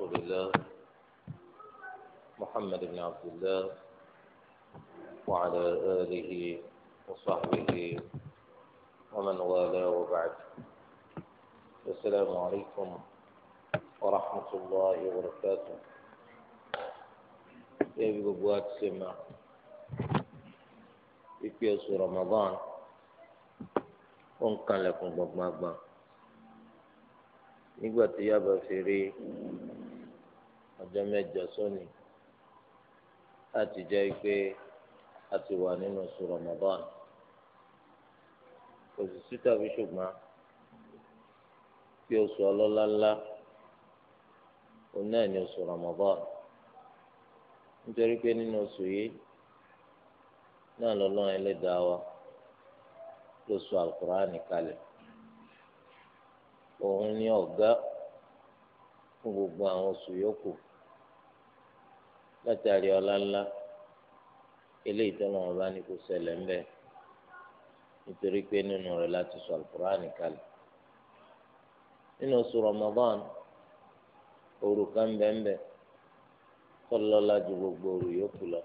رسول الله محمد بن عبد الله وعلى آله وصحبه ومن والاه وبعد السلام عليكم ورحمة الله وبركاته يبقى بوات سمع في رمضان ونقل لكم بغمغمغ nígbà tí yaba ọjọ́ mẹ́jọ sóni láti jẹ́ pé a ti wà nínú oṣù osisi kò sì sí tàbí ṣùgbọ́n oṣù ńlá náà ni oṣù Ramadan nítorí pé nínú oṣù yìí náà lọ́lọ́run ẹlẹ́dàá wa òun ni ọgá fún gbogbo àwọn oṣù látàrí ọlá ńlá eléyìí tó náà bá ní kó ṣẹlẹ̀ ńbẹ nítorí pé nínú rẹ̀ láti sọ alukur'an kalẹ̀ nínú oṣù Ramadan òru kan gbogbo òru yòókù lọ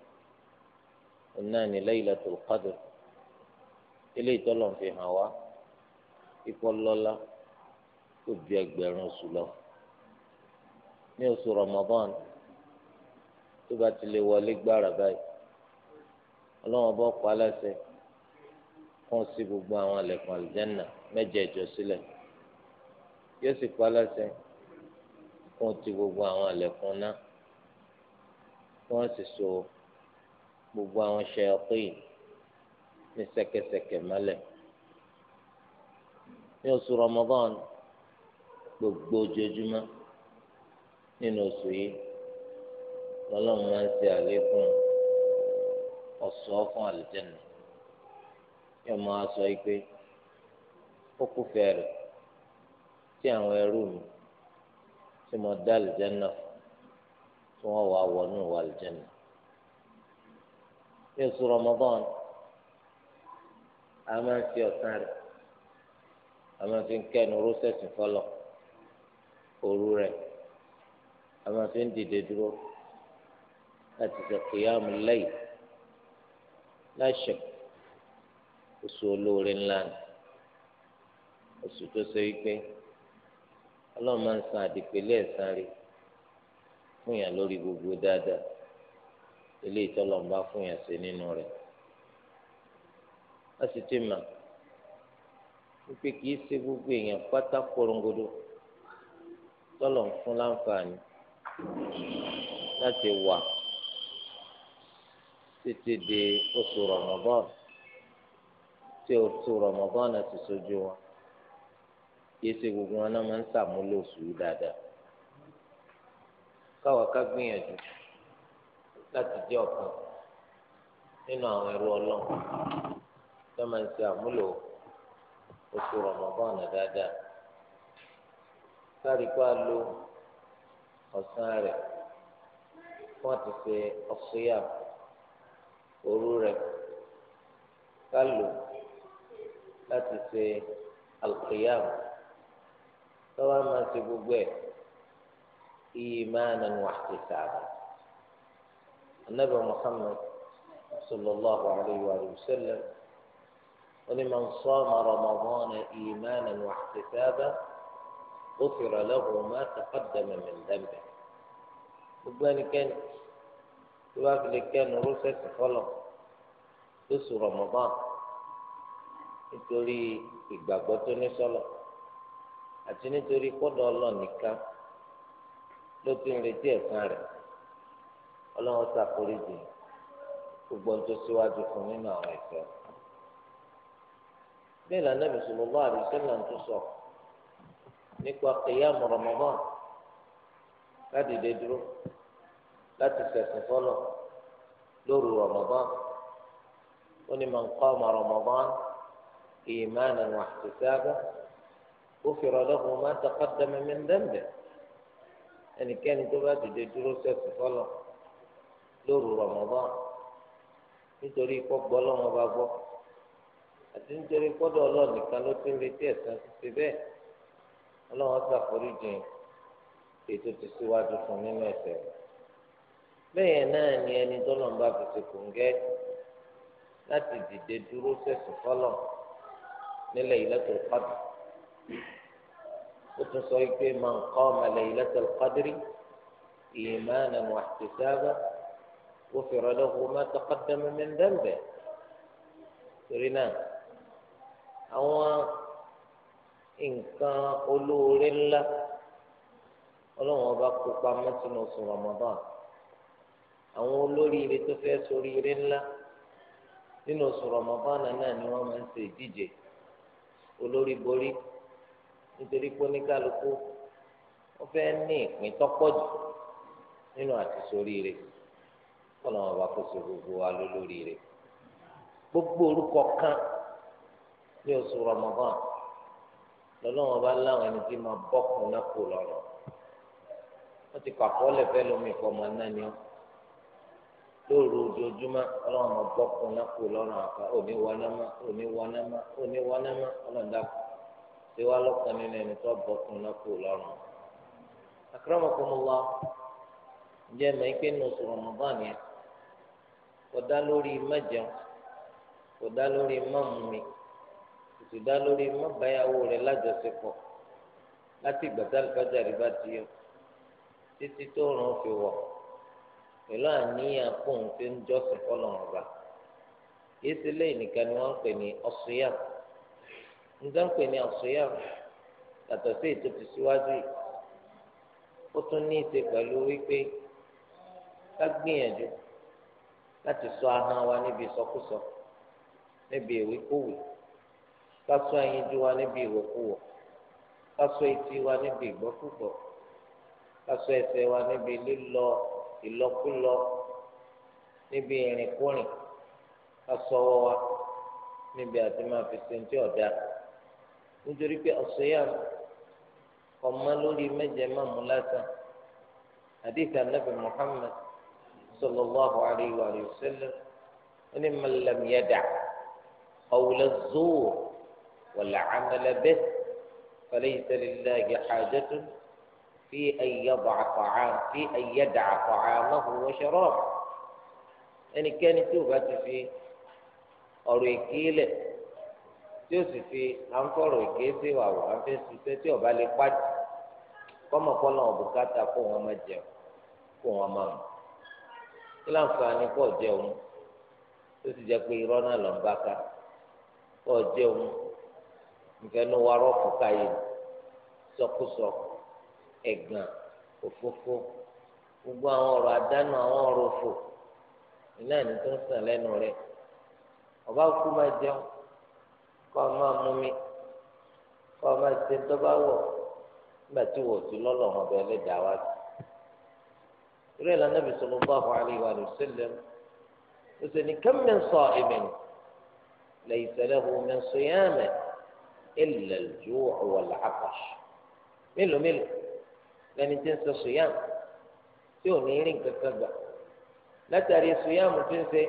náà ní eléyìí fi hàn wá ikọ́ lọ́lá ẹgbẹ̀rún oṣù tó bá ti lè wọlé gbára báyìí ọlọ́wọ́n bọ́ pa aláṣẹ kún sí gbogbo àwọn ẹlẹ́kùn àlùjẹ́nà mẹ́jẹ̀ẹ̀jọ sílẹ̀ yóò sì pa aláṣẹ kún ti gbogbo àwọn ẹlẹ́kùn náà kí wọ́n sì so gbogbo àwọn ṣẹ́yọ́pẹ́yì ní ṣẹ̀kẹ̀ṣẹ̀kẹ̀ mọ́lẹ̀ ní oṣù Ramadan gbogbo ojoojúmọ́ nínú oṣù yìí lọ́lọ́run máa ń ṣe àlékún ọ̀ṣọ́ fún àlùjẹ́nà yóò máa sọ pé ó kúfẹ́ rẹ̀ tí àwọn ẹrú mi tí mo dá àlùjẹ́nà tí wọ́n wà wọnú wà àlùjẹ́nà. ní oṣù Ramadan a máa ń fi ọ̀sán rẹ̀ a máa fi ń kẹ́nu rọ́ṣẹ̀sì fọlọ̀ òru rẹ̀ a máa fi ń dìde dúró láti ṣe kìyàmù lẹ́yìn láṣẹ oṣù olóore ńlá ni oṣù tó ṣe wípé ọlọ́run máa ń san àdìpẹ́lẹ́ ẹ̀san rí fún yàn lórí gbogbo dáadáa eléyìí tọ́lọ̀ ń bá fún yàn ṣe nínú rẹ̀ a sì ti mà wípé kì í ṣe gbogbo èèyàn pátá korongodo tọ́lọ̀ fún láǹfààní láti wà títí di oṣù rọmọbọ́ọ̀nù tí oṣù rọmọbọ́ọ̀nù ti sojú wọn kì í ṣe gbogbo wọn náà máa ń ṣàmúlò oṣù yìí dáadáa káwọn ká gbìyànjú láti jẹ́ ọ̀kan nínú àwọn ẹrú ọlọ́run tó máa ń ṣe oṣù rọmọbọ́ọ̀nù dáadáa sáré pa lo ọ̀sán rẹ̀ wọ́n ti ṣe ọ̀ṣẹ́yàwó. òru rẹ̀ kálù láti ṣe alqiyam tọ́wọ́ máa ṣe gbogbo ẹ̀ iye nà nù àti ihtisaban anabi muhammed sallallahu alayhi wa sallam iye ولمن صام رمضان إيمانا واحتسابا غفر له ما تقدم من ذنبه gbogbo ẹnikẹ́ni tó bá fi lè kẹnu rọ́sẹ̀sì fọlọ̀ lóṣù rọ̀mọ́bọ́n nítorí ìgbàgbọ́ tó ní sọ́lọ̀ àti nítorí kọ́dọ̀ ọlọ́nìkan ló ti ń retí ẹ̀san rẹ̀ ọlọ́run ṣàforíjì gbogbo ohun tó síwájú fún nínú àwọn ẹ̀ṣẹ̀ bẹ́ẹ̀ lànà bisimilá àdìsẹ́là ń tún sọ nípa kìyàmù rọ̀mọ́bọ́n ká dìde dúró láti sẹ̀sìn fọlọ̀ lóru rọmọbọ́n ó ní man qama rọmọbọ́n imanan wa ihtisaban ghufira lahu ma taqaddama min dhanbi ẹnikẹ́ni tó bá dìde dúró sẹ̀sìn fọlọ̀ lóru rọmọbọ́n nítorí kọ́ gbọ́ lọ́wọ́ bá gbọ́ àti nítorí kọ́dọ̀ ọlọ́ọ̀ nìkan ló ti ń retí ẹ̀san ṣíṣe bẹ́ẹ̀ ọlọ́wọ́ ṣàforíjì ètò ti síwájú fún nínú ẹ̀ṣẹ̀ rẹ̀ bẹ́ẹ̀ náà ni ẹni tó lọ́n bá fi ṣèkùngẹ́ láti dìde dúró sẹ̀sùn fọ́lọ̀ nílẹ̀ Laylatul Qadr ó tún sọ pé man qama Laylatul Qadri imanan wa ihtisaban ghufira lahu ma taqaddama min dhanbihi torí náà àwọn nǹkan olóore ńlá ọlọ́run ọba kó pamọ́ oṣù Ramadan àwọn olóríire tó fẹ́ soríire ńlá nínú oṣù rọmọbánà náà ni wọ́n máa ń ṣe ìdíje olórí borí nítorí pé oníkálukú wọ́n fẹ́ ní ìpín tọ́pọ̀ jù nínú àti soríire kọ́nà wọn bá kó so gbogbo wa lólóríire gbogbo orúkọ kan ní oṣù rọmọbánà lọ́lọ́wọ́n bá láwọn ẹni tí máa bọ́kùn náà kú lọ́rọ̀ wọ́n ti kọ́ àkọọ́lẹ̀ lómi ìfọ̀mọ́ náà ni wọ́n. lóru ojoojúmọ́ ọlọ́run ọmọ bọ́kùn lápò lọ́rùn àká òní wọnámá òní wọnámá òní wọnámá ọlọ́run dàpọ̀ tí wàá lọ́kàn nínú ẹni tó bọ́kùn lápò lọ́rùn. akramakumullah ǹjẹ́ mọ̀ ike nù sọ̀rọ̀ mọ́bà nìyẹn kò dá lórí mẹ́jẹun kò dá lórí kò sì dá lórí láti rí bá ti yọ títí tó fi pẹ̀lú àníyàn fóun tí ń jọ́sìn fọlọ́run ọba lẹ́yìn nìkan ni wọ́n ń pè ní ọ̀ṣùyà níta pè ní ọ̀ṣùyà yàtọ̀ sí ètò ti síwájú ó tún ní í ṣe pẹ̀lú wípé ká gbìyànjú láti ṣọ́ ahọ́n wa níbi ìsọkúsọ níbi ìwíkúwì ká wa níbi ìwọ̀kúwọ̀ ká etí wa níbi ìgbọ́kúgbọ̀ ká wa níbi ìlọkulọ níbi ìrìnkúrìn asọwọ wa níbi àti máa fi sèǹtì ọ̀dà nítorí pé ọ̀sẹ̀yà ọmọ lórí mẹ́jẹ máa mú lásán àdìsí anábì Muhammad sallallahu alayhi wa sallam ẹni mẹlẹm yẹdà ọ̀wùlẹ̀ zòwò wọ̀lẹ̀ àmàlẹ̀ bẹ́ẹ̀ fẹlẹ́ ìtẹ̀lẹ́lẹ́ àgẹ̀ àjẹtún. في أن يضع طعام في أن يدع طعامه وشرابه يعني كان توبة في أريكيل tí ó sì fi àǹfọ̀rọ̀ èké sí ìwàwọ̀ àǹfẹ́ ṣiṣẹ́ tí ọba lè ẹ̀gàn òfófó gbogbo àwọn ọ̀rọ̀ àdánù àwọn ọ̀rọ̀ òfò iná ní tó ń sàn lẹ́nu rẹ̀ ọba kú máa jẹun kọ́ ọ máa mú mi kọ́ ọ máa ṣe tó bá wọ̀ nígbà tí wò ó ti lọ́lọ́ wọn bẹ́ẹ̀ lè dá wa sí. irú ẹ̀ lọ́nà bìí sọ̀rọ̀ bá wàhálà ìwà rẹ̀ sílẹ̀ ó sì ní kẹ́mi sọ èmi nù lẹ́yìn tẹ́lẹ̀ hù mí sọ yẹ́n mẹ́ ẹ̀ lẹ́lẹ́jú ọ̀wọ̀ làákàṣ mélòó mélòó lẹni tí ń sọ sùyàm tí ò ní rí nǹkan kan gbà látàrí sùyàm tí ń ṣe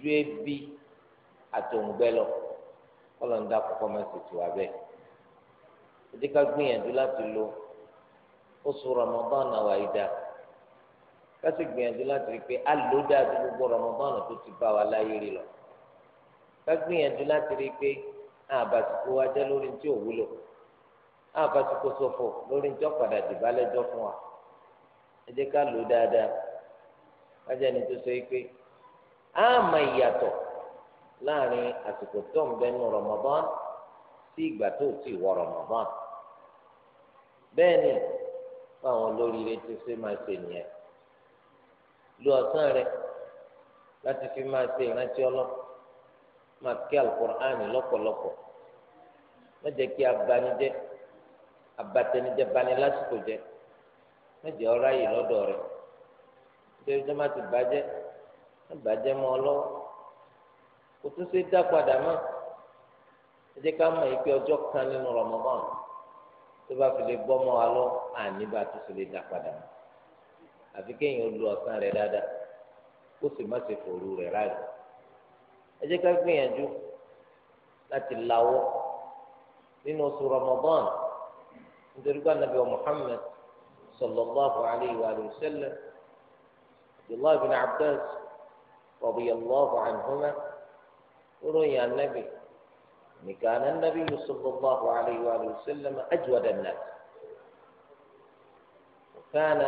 ju ebi àtòǹgbẹ lọ kọlọńdà kọkọ máa sì tù wá bẹ́ẹ̀ ìdí gbìyànjú láti lo oṣù Ramadan àwa ìdá ká sì gbìyànjú láti rí i pé a lò gbogbo Ramadan tó ti bá wa láyé rí lọ ká gbìyànjú láti rí i pé àbàsìkò wa jẹ lórí tí ò wúlò àbàtìkò ṣòfò lórí ìjọ padà dìbà lẹ́jọ́ fún wa ẹ jẹ́ ká lò dáadáa kájà ni tó sọ yìí pé á mọ ìyàtọ̀ láàrin àsìkò tó ń bẹnu Ramadan sí ìgbà tó ti wọ Ramadan bẹ́ẹ̀ ni fáwọn olóríire ti ṣe máa ṣe nìyẹn lo ọ̀sán rẹ láti fi máa ṣe ìrántí ọlọ́ máa kí alukur'ani lọ́pọ̀lọpọ̀ má jẹ́ kí abanijẹ́ abatẹnidjẹ bani lásìkò jẹ méje ọ̀rọ̀ ayé lọ́dọ̀ rẹ̀ nítorí tó má ti bàjẹ́ má bàjẹ́ mọ́ ọ lọ́wọ́ kò tún ṣe dá padà mọ́ ẹ kan nínú Ramadan tó bá fi lè bọ́ mọ́ wa lọ àní bá tún ṣe lè dá padà mọ́ àfi kéèyàn lu ọ̀sán rẹ̀ dáadáa kó sì má ṣe fòru rẹ̀ ráàlú ẹ jẹ́ ká gbìyànjú láti lawọ́ nínú oṣù Ramadan. nítorí pé anabi wa muhammed sallallahu alayhi wa sallam abdullahi bin abdul radiyallahu anhuma ròyìn anabi nìkan anabi sallallahu alayhi wa sallam ajwada nas كان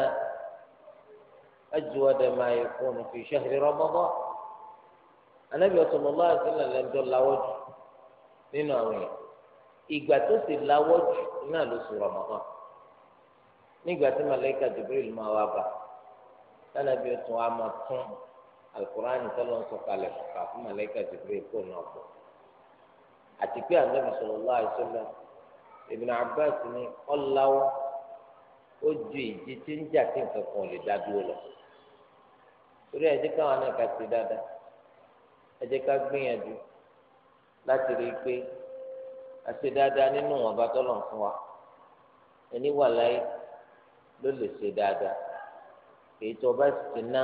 أجود ما يكون في شهر رمضان النبي صلى الله عليه وسلم لم يجل وجه لنوعين ìgbà tó sì láwọ́ jù náà ló sùn Ramadan nígbà tí malayika Jibril máa wá bá lánàbí o tún wá máa tún alukur'ani tọ́lọ́ ń sọ̀kalẹ̀ kà fún malayika Jibril kó náà bọ̀ àti pé anabi sallallahu alaihi wasallam Ibn Abbas ó ju ìjì tí ń jà tí nǹkan kan lè dá dúró lọ torí náà ká ti dáadáa ẹ ká gbìyànjú láti rí àti dáadáa nínú wọn bá tọ́lọ̀ fún wa ẹni wà láyé ló lè ṣe dáadáa èyí tó bá ti ná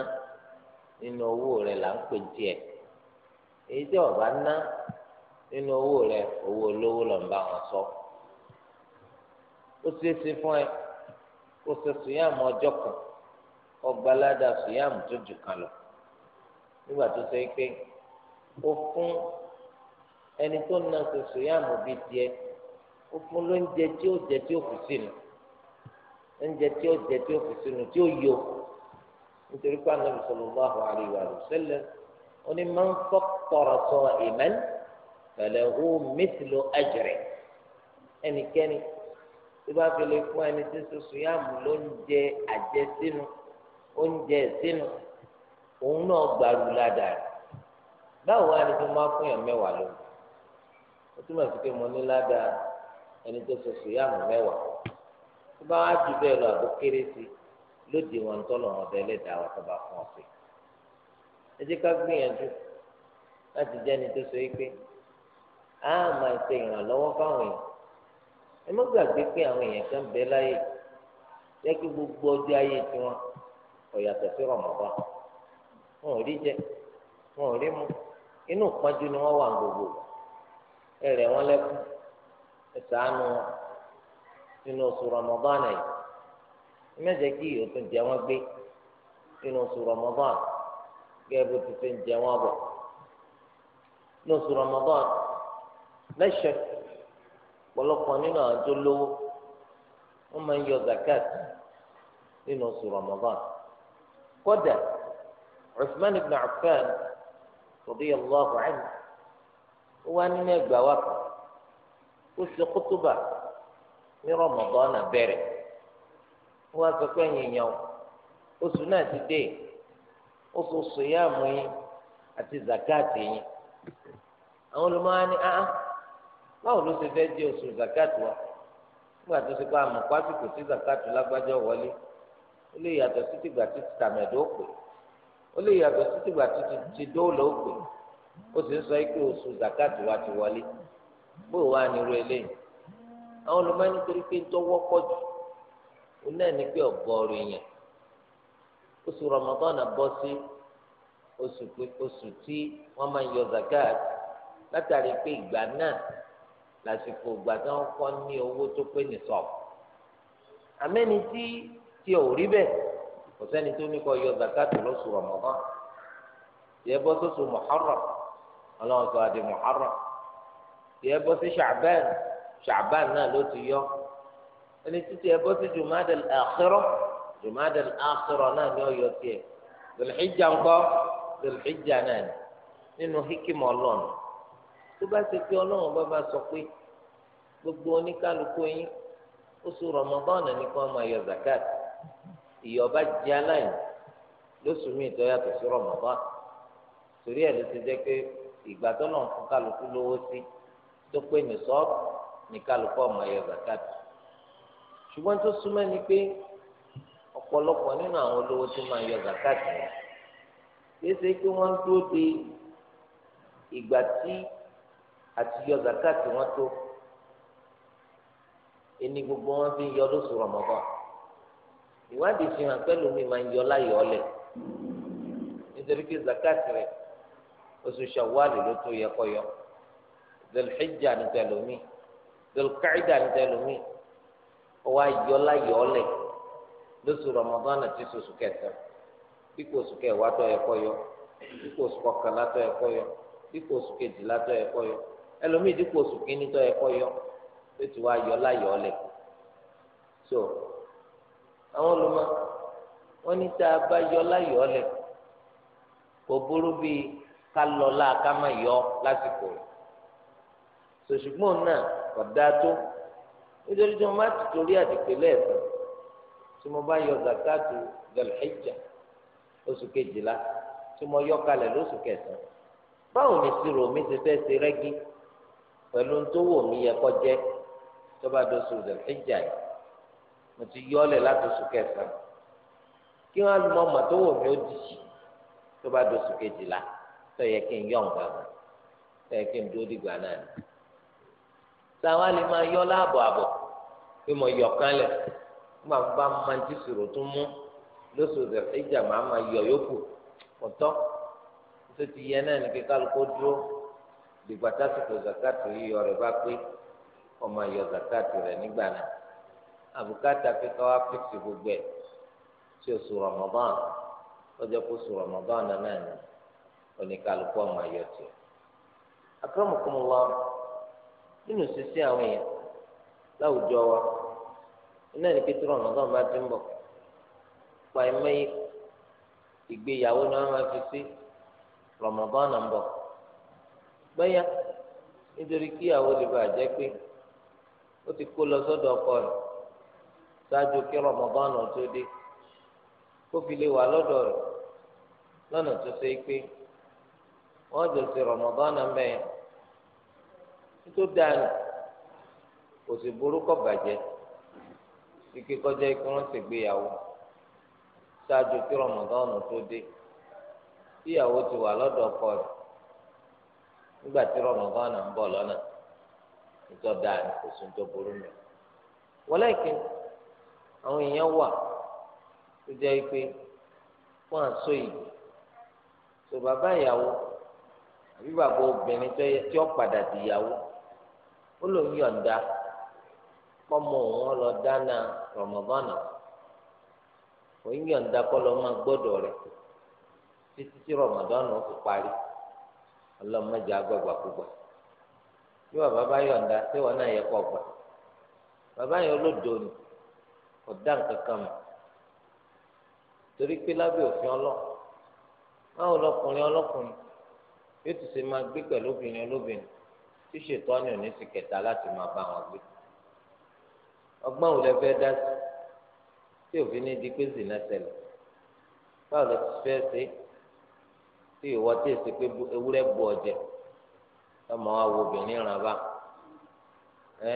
nínú owó rẹ là ń pè tiẹ̀ èyí tí ọba ná nínú owó rẹ owó olówó lọ ń bá wọn sọ ó ṣeé ṣe fún ẹ kó ṣe sùyàmù ọjọ́ kan ọgbàládà sùyàmù tó jù kan lọ nígbà tó ṣe pé ó fún ẹni tó ń na soso yá mọ̀ bí tiẹ̀ ó fún lóúnjẹ tí ó jẹ tí ó fi sínú oúnjẹ tí ó jẹ tí ó fi sínú tí ó yọ nítorí pé anabi sallallahu alaihi wa sallam ó ní máa ń fattara sa'iman falahu mithlu ajri ẹnikẹ́ni tó bá fi lè fún ẹni tí soso yá mọ̀ lóúnjẹ àjẹ sínú oúnjẹ sínú òun náà gbàlú ládàá báwo wá ni tó máa fún yàn mẹ́wàá lónìí ó túmọ̀ sí pé mo ní ládàá ẹni tó ṣe sùyàmù mẹ́wàá tó bá wá ju bẹ́ẹ̀ lọ àbó kéré sí lóde wọn ń tọ́lọ̀ wọn bẹ́ẹ̀ lẹ́dàá wa tó bá fún ọ sí. ẹ jẹ́ ká gbìyànjú láti jẹ́ ẹni tó sọ yìí pé a máa ṣe ìrànlọ́wọ́ fáwọn èèyàn ẹ má gbàgbé pé àwọn èèyàn kan bẹ láyè jẹ́ kí gbogbo ọjọ́ ayé tiwọn ọ̀yàtọ̀ sí rọ̀mọ́bà wọn ò rí jẹ wọn ò rí mu inú ìpọ́njú ni wọ́n wà gbogbo ẹrẹ wọn lẹkùn ẹsàánú sínú oṣù rọmọbọn yìí mẹjẹ kí òtún jẹ wọn gbé sínú oṣù rọmọbọn gẹ́gẹ́ bó ti ṣe ń jẹ wọn bọ ní oṣù rọmọbọn lẹsẹ pọ̀lọpọ̀ nínú àwọn tó lówó wọn máa ń yọ zakat nínú oṣù rọmọbọn kódà Uthman ibn Affan radiyallahu anhu. ó wá nínú ẹgbà wa kan ó ṣe kútúbà ní rọmọgán náà wá sọ pé ẹ̀yin oṣù náà ti dé oṣù sòyàmù yín àti zakati yín àwọn olùmọ̀ọ́ ni áá báwo ló ṣe fẹ́ di oṣù zakati wa nígbà tó ṣe pé àmọ̀ pásítọ̀ sí zakati lágbájá wọlé ó lè yàtọ̀ sí tìgbà títí tàmẹ̀dọ́ pè ó lè yàtọ̀ sí tìgbà ti dóòlà ó ó si ń sọ ike oṣù zakati wa ti wọlé bó wa ni irú eléyìí àwọn olùmọ̀ọ́ni torí pé ń tọ́wọ́ pọ̀ jù ó náà ní pé ọ̀gọ́ọ̀rọ̀ èèyàn oṣù Ramadan bọ́ sí oṣù tí wọ́n máa ń yọ zakat látàrí pé ìgbà náà lásìkò ìgbà tí wọ́n kọ́ ní owó tó pé ní àmẹ́ni tí tí ò rí bẹ́ẹ̀ kò sẹ́ni tó ní zakat Ramadan ọlọ́run sọ adé muharram tí ẹ bọ́ sí ṣàbẹ́n ṣàbẹ́n náà ló ti yọ ẹni títí ẹ bọ́ sí jùmọ́dẹ̀l àkírọ̀ jùmọ́dẹ̀l àkírọ̀ náà ni ó yọ tiẹ̀ zòlìḥìjà ńkọ́ zòlìḥìjà náà ni nínú hikima ọlọ́run tó bá ti pé ọlọ́run bá bá sọ pé gbogbo oníkálukú yín oṣù rọmọbọ́n ní kó máa yọ zakat ìyọba jẹ́ aláìní lóṣù míì tó yàtọ̀ sí rọmọbọ́n torí ẹ̀ ló ti jẹ́ pé ìgbà tó lọ́n fún kálukú lówó sí tó pé ní sọ́ọ̀bù ní kálukú ọmọ ẹ̀yọ zakat ṣùgbọ́n tó súnmọ́ ni pé ọ̀pọ̀lọpọ̀ nínú àwọn olówó tó máa yọ zakat yẹn kéésì pé wọ́n dúró de ìgbà tí àti yọ zakat wọn tó ẹni gbogbo wọn fi yọ lóṣù Ramadan ìwádìí fi hàn pẹ́lú mi máa ń yọ láyọ̀ ọ́lẹ̀ nítorí pé zakat rẹ̀ oṣù Ṣawwal ló tó yẹ kó yọ Dhul-Hijjah ní tẹlomi Dhul-Qa'dah ní tẹlomi ọwọ ayọlá yọọlẹ lóṣù Ramadan àti oṣù kẹta dípò oṣù kẹwàá tó yẹ kó yọ dípò oṣù kọkànlá tó yẹ kó yọ dípò oṣù kejìlá tó yẹ kó yọ ẹlòmíì dípò oṣù kínní tó yẹ kó yọ ló ti wá yọlá so àwọn olùmọ wọn ní tá a bá yọlá yọọlẹ kò burú bíi ká lọ́la ká má yọ lásìkò rẹ̀ sòṣùgbọ́n náà ọ̀dà tó nítorí tí mo bá ti torí àdìpé lẹ́ẹ̀kan tí mo bá yọ zakatu zalhijja oṣù kejìlá tí mo yọ kalẹ̀ lóṣù kẹsàn-án báwo ni sírò mi ti fẹ́ ṣe rẹ́gí pẹ̀lú tó wò mí yẹ kọ́ tó bá dọ̀ṣù zalhijja yìí mo ti yọ ọ́ láti oṣù kẹsàn-án kí wọ́n á lù mọ́ tó wò mí ó dì í tó bá dọ̀ṣù kejìlá sọyẹ kí n yọ nǹkan kan sọyẹ kí n dúró dìgbà náà ni sáwa lè máa yọ láàbọ̀ àbọ̀ pé mo yọ kan lẹ̀ nígbà tó bá máa ti sòrò tún mú lóṣù rẹ̀ ìjà máa máa yọ yókù ọ̀tọ̀ tó ti yẹ náà ni kí kálukó dúró dìgbà tásìkò zakati yíyọ rẹ̀ bá pé ọmọ yọ zakati rẹ̀ nígbà náà àbùkátà pé káwá fíìsì gbogbo ẹ̀ tí oṣù Ramadan ọjọ́ kó oṣù Ramadan náà ni. oníkàlùkù ọmọ ayọ̀ tó akọrọmọkọmọ wa nínú sísí àwọn èèyàn láwùjọ wa iná ní pété rọmọdán bá ti ń bọ̀ pa ẹmẹyẹ ìgbéyàwó ni wọn máa fi sí rọmọdán náà ń bọ̀ bẹyà nítorí kí ìyàwó ti kó lọ ọkọ ṣáájú kí náà tó dé kó fi lè wà wọ́n jọ sí Ramadan náà mbẹ yẹn nítorí dáàni kò sì burú kọ ike kọjá ikú wọ́n sì gbéyàwó ṣáájú kí Ramadan tó dé tíyàwó ti wà lọ́dọ̀ ọkọ nígbà tí Ramadan náà ń lọnà kò tó burú mẹ àwọn èèyàn wà tó jẹ́ pé sọ tó bàbá ìyàwó. àbí bàbá obìnrin tí ó padà dìyàwó ó lòun yọ̀ǹda kọ́mọ òun lọ dáná rọmọbọ́nà òun yọ̀ǹda kọ́ lọ́ máa gbọ́dọ̀ rẹ̀ títí tí rọmọdọ́nà ó fi parí ọlọ́mọdé agbọ́gbàkúgbà bí bàbá bá yọ̀ǹda tí wọn náà yẹ kọ́ gbà bàbá yẹn olódo ni kò dá nǹkan kan mọ̀ torí pé lábẹ́ òfin ọlọ́ báwo lọkùnrin ọlọ́kùnrin yóò ti ṣe máa gbé pẹ̀lú obìnrin olóbìnrin tí ṣètò ọ̀nà òní sì kẹta láti máa bá wọn gbé ọgbọ́n òun lè fẹ́ dá sí tí òfin ní di pé zìnà ṣẹlẹ̀ báwo ló ti fẹ́ ṣe tí ìwọ tí èsì pé ewúrẹ́ bu ọ̀jẹ̀ ọmọ wa wo obìnrin ràn bá ẹ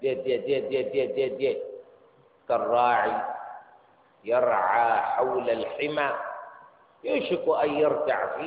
díẹ̀ díẹ̀ díẹ̀ díẹ̀ díẹ̀ díẹ̀ díẹ̀ yàrá hawlẹ̀ lẹ́xìmá yóò ṣe kó ayé rẹ̀ dàbí.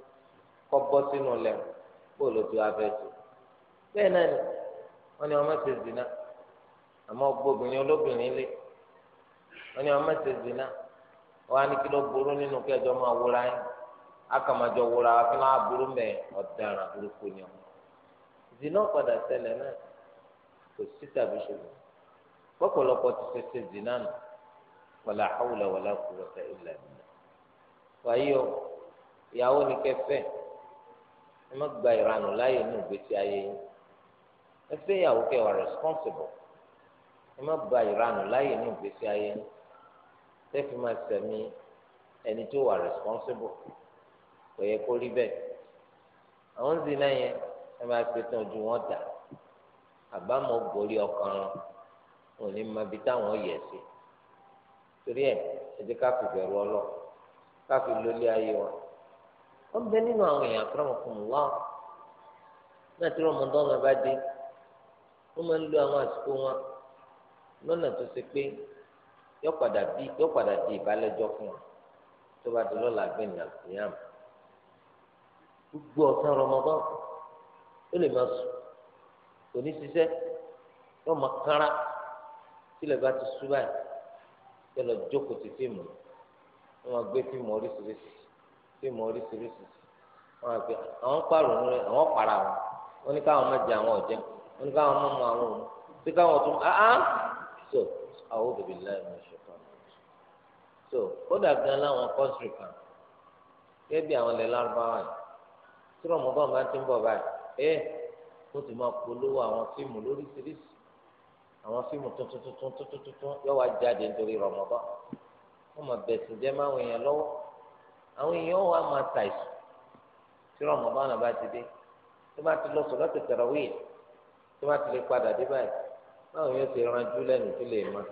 kọ́ bọ́ sínú lẹ̀ kó ló ti wá fẹ́ tó bẹ́ẹ̀ náà ni wọ́n ní ọmọ ṣe zina àmọ́ gbóbìnrin olóbìnrin lé wọ́n ní ọmọ ṣe zina wọ́n á ní kí ló burú nínú kẹjọ máa wúra yín akàmájọ wúra wá kí wọ́n á burú mẹ́ ọ̀daràn burúkú padà ṣẹlẹ̀ náà kò sí tàbí ṣòro pọ̀pọ̀lọpọ̀ ti ṣe ṣe nù wàlà hawla wàlà quwwata illa wàyí o ìyàwó ni kẹfẹ́ ẹ má gba ìranù láàyè ní ìgbésí ayé yín ẹ fẹ́ ìyàwó kẹ́ wà responsible ẹ má gba ìranù láàyè ní ìgbésí ayé yín tẹ́fì máa sẹ̀mí ẹni tó wà responsible kò yẹ kó rí bẹ́ẹ̀ àwọn ń zina yẹn ẹ máa ṣètò ojú wọn dà àbámọ̀ borí ọkàn wọn wọn ò ní máa bi táwọn yẹ̀ sí torí ẹ̀ ẹ jẹ́ ká fi bẹ̀rù ọlọ́ ká fi lólé ayé wọn wọn bẹ nínú àwọn èèyàn akramakumullah náà tí Ramadan náà bá dé wọn máa ń lo àwọn àsìkò wọn lọ́nà tó ṣe pé yọ padà bí yọ padà di ìbálẹ́jọ́ fún wọn tó bá di lọ́la gbẹ̀yìn àlùkìyàmù gbogbo ọ̀sán Ramadan ó lè máa sùn kò ní ṣiṣẹ́ yọ máa kára tílẹ̀ bá ti sú báyìí yọ lọ jókòó ti fíìmù wọn máa gbé fíìmù oríṣiríṣi fíìmù oríṣiríṣi wọn àgbẹ̀ àwọn pààrọ̀ nínú rẹ̀ àwọn pààrọ̀ àwọn wọn ní káwọn má jẹ àwọn ọ̀jẹ́ wọn ní káwọn má mú àwọn òun sí káwọn tún áá ah, ah. so àwọn òbí láì mọ̀ ṣe kàn so kódà gan láwọn kọ́ńtì kan gẹ́gẹ́ bí àwọn ilẹ̀ lárúbáwá yìí tí rọ̀mọ́bọ̀n bá ti ń bọ̀ báyìí ẹ́ ó ti máa polówó àwọn fíìmù lóríṣiríṣi àwọn fíìmù tuntun tuntun tuntun yóò wá jáde nítorí rọ̀mọ́bọ̀n wọn máa bẹ̀sùn jẹ́ máwọn èèyàn lọ́wọ́ àwọn èèyàn wà máa ṣàìsùn tí rọmọbọ́nà bá ti dé tó bá ti lọ sọ̀rọ̀ tètè rọ̀ wíì tó bá ti lè padà dé báyìí báwọn yóò ti ranjú lẹ́nu tó lè mọ́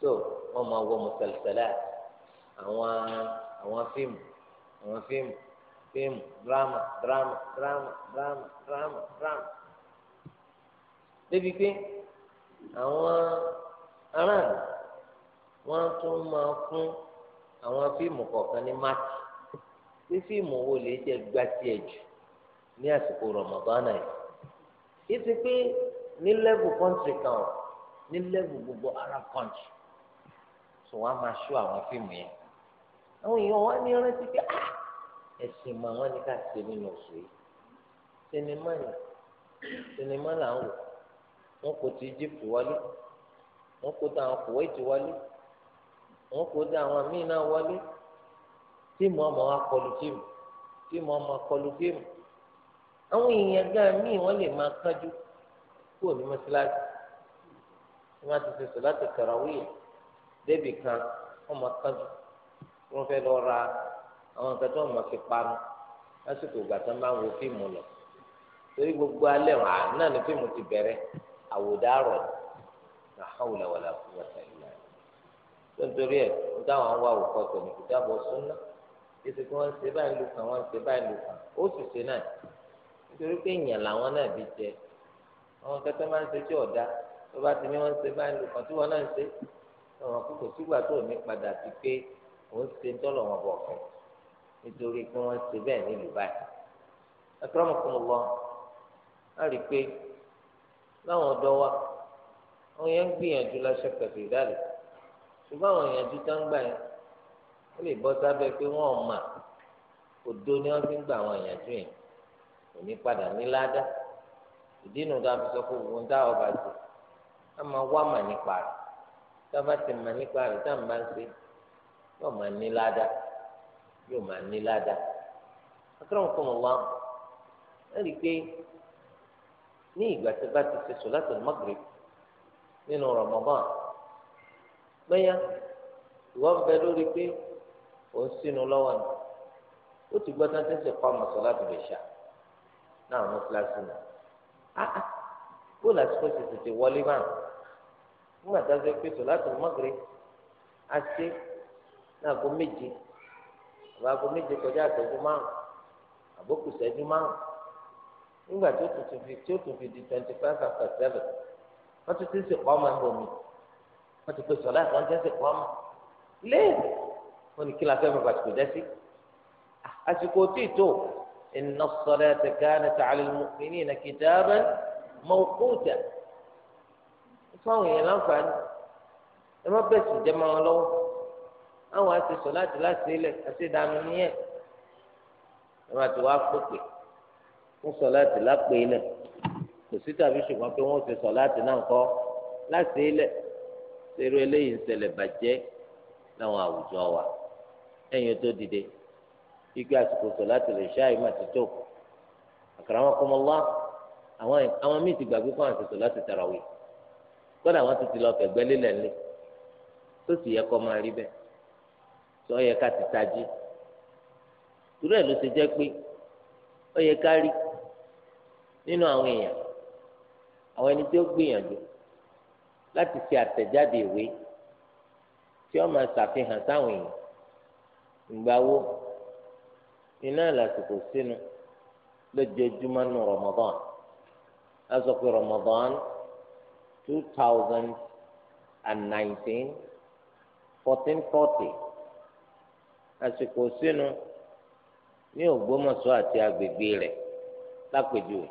so wọ́n máa wọ mùsàlùsàlà àwọn àwọn fíìmù àwọn fíìmù fíìmù dírámà dírámà dírámà dírámà dírámà dírámà débi pé àwọn aráàlú wọ́n tún máa fún àwọn fíìmù kọ̀ọ̀kan ní máàkì tí fíìmù wo lè jẹ́ gba tiẹ̀ jù ní àsìkò rọ̀mọ̀bánà yìí kí ti pé ní lẹ́bù kọ́ńtì kan ọ̀ ní lẹ́bù gbogbo ara kọ́ńtì tó wá máa ṣó àwọn fíìmù yẹn àwọn èèyàn wá ní rántí pé ah ẹ̀sìn mọ àwọn ní ká ṣe nínú oṣù yìí sinimá ni sinimá là ń wò wọn kò ti Egypt wọlé wọn kò tàwọn Kuwait wọlé wọn kò dá àwọn míì náà wọlé tíìmù ọmọ wa kọlu tíìmù tíìmù ọmọ kọlu tíìmù àwọn èèyàn gáà míì wọn lè máa kánjú kúrò ní mọ́sálásí wọn máa ti ṣe sọ láti kàràwíyà débì kan wọn máa kánjú wọn fẹ́ lọ ra àwọn nǹkan tó wọn máa fi panu lásìkò ìgbà tó máa ń wo fíìmù lọ torí gbogbo alẹ́ wọn àná ni fíìmù ti bẹ̀rẹ̀ àwòdà rọ̀ nà hàwùlà wàlà fún nítorí ẹ̀ ó dáhùn àwọn àwòkọ́ tó ní kìtàbù sunna èsì kí wọ́n ń ṣe báyìí lù kàn wọ́n ń ṣe báyìí lù kàn ó sì ṣe náà nítorí pé èèyàn làwọn náà bí jẹ àwọn kẹtẹ máa ń ṣe tí ọ̀dà tó bá ti ní wọ́n ń ṣe báyìí lù kàn tí wọ́n náà ń ṣe àwọn àkókò sígbà tó ní padà ti pé òun ṣe ń tọ́lọ̀ wọn bọ̀ fẹ́ nítorí pé wọ́n ṣe bẹ́ẹ̀ nílùú báyìí akérèmọkùnrin lọ á rí i pé láwọn ọ̀dọ́ wa àwọn yẹn ń gbìyànjú láṣẹ pẹ̀lú ìdálẹ̀ ṣùgbọ́n àwọn èèyàn ju táǹgbà yẹn ó lè bọ́ sábẹ́ pé wọ́n mà òdo ni wọ́n fi ń gba àwọn èèyàn ju yẹn kò ní padà ní ládá ìdí inú tó a fi sọ pé òun ń dá ọba sí a máa wá mà nípa rẹ̀ tá a bá ti mà nípa rẹ̀ tá à bá ń ṣe yóò máa ní ládá yóò máa ní ládá akérèwọn kọ́ mọ̀ wá ẹ rí i pé ní ìgbà tí a bá ti ṣe sọ láti Maghrib nínú Ramadan bẹ́yà ìwọ ń bẹ lórí pé ò ń sínú lọ́wọ́ ni ó ti gbọ́ tán tẹ́sí pa mọ̀sálá tó lè ṣá náà mú kíláàsì náà áá kó lásìkò ti tètè wọlé máa nígbà tá a fẹ́ pèsè láti mọ́gìrì á ṣe ní aago méje àbá aago méje kọjá àtẹ̀jú márùn àbókù ṣẹ́jú márùn nígbà tó tún tún fi di twenty five after seven wọ́n tún ti ń sèpá ọmọ ẹ̀bùn mi wọ́n ti pe sọ̀lá ìtàn jẹ́sẹ̀ kọ́ mọ́ léèrè wọ́n ní kí la fẹ́ bàbá tó jẹ́sí àsìkò tí ì tó iná sọ̀rọ̀ ẹ̀ tẹ̀ka ẹ̀ tààlẹ̀ mọ̀kìnrin ìnà kìtàbẹ̀ mọ̀kúta fáwọn èèyàn láǹfààní ẹ má bẹ̀ sì jẹ́ wọn lọ́wọ́ àwọn àti sọ̀lá àti láti ilẹ̀ àti ìdánù níyẹn ẹ má ti wá pèpè fún sọ̀lá àti lápè ilẹ̀ kò sí tàbí ṣùgbọ́n pé wọ́n ti sọ̀lá àti náà kọ́ láti ilẹ̀ ṣerú eléyìí ń ṣẹlẹ̀ bàjẹ́ láwọn àwùjọ wa ẹ̀yin tó dìde igi àsìkò sọ láti lè ṣá ìmọ̀ ti tó àkàràwọn kọmọ wá àwọn àwọn míì ti gbàgbé fún àṣìṣe láti tarawih gbọ́dọ̀ àwọn ti ti lọ fẹ̀gbẹ́ lélẹ̀ ńlẹ̀ tó sì yẹ máa rí bẹ́ẹ̀ tó yẹ ká ti tají ìrú ẹ̀ ló jẹ́ pé ó yẹ ká rí nínú àwọn èèyàn àwọn láti ṣe àtẹ̀jáde ìwé tí ó máa ṣàfihàn sáwọn èèyàn ìgbà wo iná lásìkò sínú lójoojúmọ́ nù Ramadan a sọ pé Ramadan two thousand and nineteen fourteen forty àsìkò sínú ní Ògbómọ̀ṣọ́ àti agbègbè rẹ̀ lápèjúwe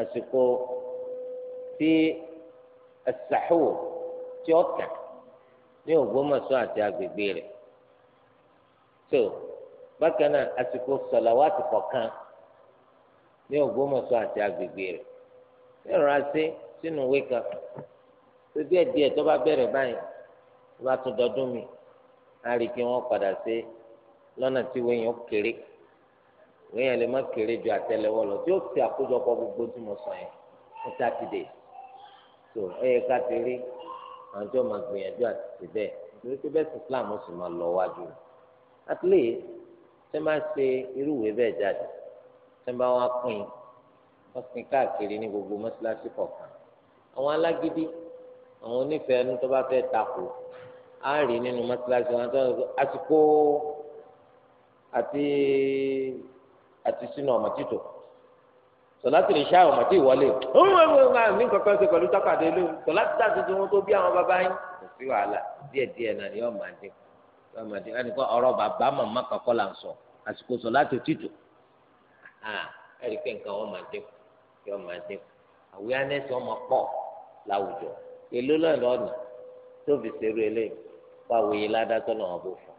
àsìkò tí ẹsàhùn tí ó tàn ní Ògbómọ̀ṣọ́ àti agbègbè rẹ̀ tó bákan náà àsìkò sọ̀làwátì kọ̀ọ̀kan ní Ògbómọ̀ṣọ́ àti agbègbè rẹ̀ ìrora sí sínú ìwé kan tó díẹ̀ díẹ̀ tó bá bẹ̀rẹ̀ báyìí tó bá tún dọdún mi á rí i padà sí lọ́nà tí ìwé yẹn kéré ìwé yẹn lè má kéré ju àtẹ́lẹwọ́ lọ tí ó ti àkójọpọ̀ gbogbo tí mo sọ yẹn for thirty So, ẹyẹ ká ti rí àwọn tí wọn máa gbìyànjú àti ṣe bẹ́ẹ̀ torí pé bẹ́ẹ̀ sì Islam sì máa lọ wájú at least ṣé máa ṣe irú ìwé bẹ́ẹ̀ jáde ṣé máa wá pín wọn pín káàkiri ní gbogbo mọ́ṣáláṣí kọ̀ọ̀kan àwọn alágídí àwọn onífẹ̀ẹ́ ẹnu tó bá fẹ́ takò á rí nínú mọ́ṣáláṣí wọn tó ń sọ àsìkò àti àti sínú ọmọ títò sọláàtì lè ṣá ọmọ tí ì wọlé o ní kankan ṣe pẹ̀lú tọ́kadé ló sọláàtì tá a tuntun wọn tó bí àwọn bàbá yín kò sí wàhálà díẹ̀ díẹ̀ náà ni yóò máa dín yóò máa dín ẹnì kan ọ̀rọ̀ bàbá màmá kankan là ń sọ àsìkò sọláàtì títù ẹ̀rí pé nǹkan wọn máa dín yóò máa dín awareness wọn máa pọ̀ láwùjọ èló lọ́nà ọ̀nà tó fi ṣerú eléyìí wá wòye ládàtọ̀ náà bó fún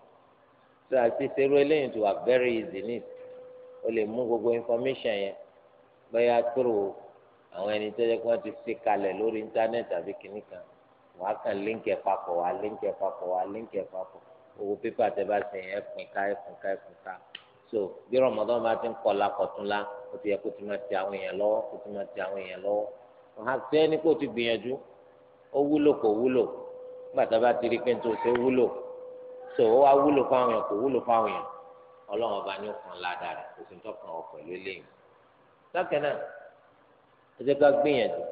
so àti ṣerú eléyìí tó wà very easy ní o lè mú information yẹn bẹ́ẹ̀ àtúrò àwọn ẹni tó yẹ kí wọ́n ti ṣe kalẹ̀ lórí íńtánẹ́ẹ̀tì àbí kìnnì kan wàá kàn líǹkì ẹ̀ papọ̀ wàá líǹkì ẹ̀ papọ̀ wàá líǹkì ẹ̀ owó pépà tẹ bá ṣe yẹn pín ká ẹ̀kún ká ẹ̀kún ká so bí rọmọdún bá ti ń kọ́ lakọ̀túnla ó ti yẹ kó ti máa ti àwọn èèyàn lọ́wọ́ kó ti máa ti àwọn èèyàn lọ́wọ́ ọ̀hán tẹ́ ni kó ti gbìyànjú ó wúlò kò wúlò gbàtà bá ti rí pé nítorí ṣe wúlò so ó wá wúlò fáwọn èèyàn kò wúlò fáwọn èèyàn ọlọ́run ọba ní òkun ládàá rẹ̀ kò sí ní tọkàn ọ̀pẹ̀ lélẹ́yìn bákan náà ẹ jẹ́ ká gbìyànjú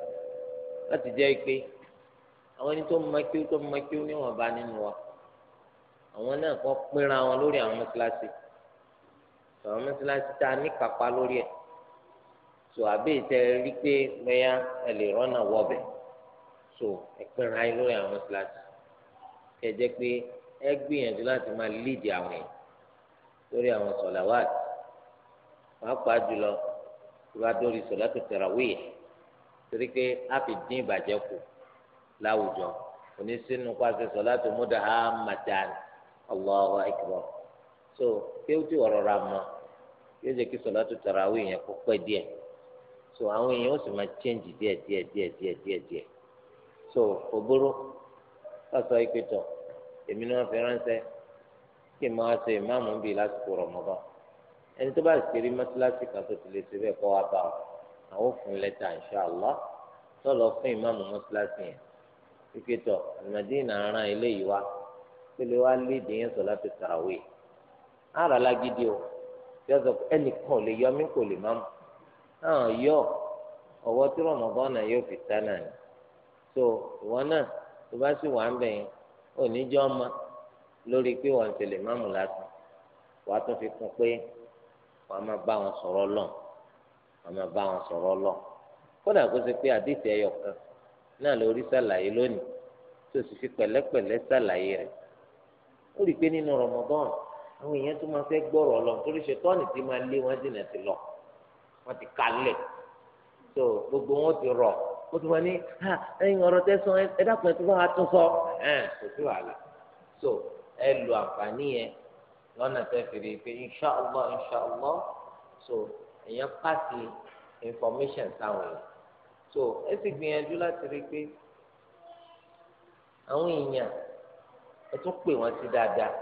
láti jẹ́ pé àwọn ẹni tó máa kí ó tó máa kí ó níwọ̀nba nínú wa àwọn náà kọ́ pínra wọn lórí àwọn mọ́sálásí àwọn mọ́sálásí tá ní kápá lórí ẹ̀ so àbí ìtẹ́ rí pé bẹ́yà ẹ lè rọ́nà wọbẹ̀ so ẹ pínra yín lórí àwọn mọ́sálásí kẹ jẹ́ pé ẹ gbìyànjú láti máa lídìí àwọn èèyàn lórí àwọn sọ̀làwáàtì pàápàá jùlọ. tó dórí sọ̀látò tẹ̀ràwíì torí pé a fi dín ìbàjẹ́ kù láwùjọ onísínú pàṣẹ sọ̀látò múdà á màdán Allahu akbar so kí o ti ọ̀rọ̀ ra mọ́ yóò jẹ́ kí sọ̀látò tẹ̀ràwíì yẹn kó pẹ́ díẹ̀ so àwọn èèyàn ó sì máa chẹ́ǹjì díẹ̀ so èmi ni fi ẹni tó bá sì rí mọ́sálásí kan tó ti lè ṣe bẹ́ẹ̀ kọ́ wa bá ọ àwọn òfin lẹ́tà inṣàlá sọlọ fún ìmáàmù mọ́sálásí yẹn kíkẹ́ tọ̀ àlùmọ́dínà aràn eléyìí wá pélé wá léde yẹn sọ láti tàwé ara lágídí o yọ sọ ẹnìkan lè yọ mí kò lè má mu náà yọ ọwọ́ tí rọmọbọ́n yóò fi tá náà ni so ìwọ náà tó bá sì wà ń bẹ̀ yẹn oníjọ́ ọmọ lórí pé wọ́n ti lè má mu láti wàá tún fi kún pé wàá máa bá wọn sọ̀rọ̀ lọ́n wàá máa bá wọn sọ̀rọ̀ lọ́n kódà kó ṣe pé àdéhìí ẹyọ kan náà lórí sàlàyé lónìí tó sì fi pẹ̀lẹ́pẹ̀lẹ́ sàlàyé rẹ̀ ó rí i pé nínú Ramadan àwọn èèyàn tó máa fẹ́ gbọ́rọ̀ lọ torí ṣe tọ́ọ̀nì tí máa lé wọn jìnà sí lọ wọn ti kalẹ̀ tó gbogbo wọn ti rọ̀ ó ti wọn ní ẹyin ọ̀rọ̀ tẹ́sán ẹ dákun ẹ tó bá wa tún sọ ẹ kò sí wàhálà so ẹ lo àǹfààní yẹn lọ́nà tẹ́ fi rí i pé inṣàlọ́ inṣàlọ́ so èèyàn pàṣẹ information sáwọn èèyàn so ẹ sì gbìyànjú láti rí i pé àwọn èèyàn ẹ tún pè wọ́n sí dáadáa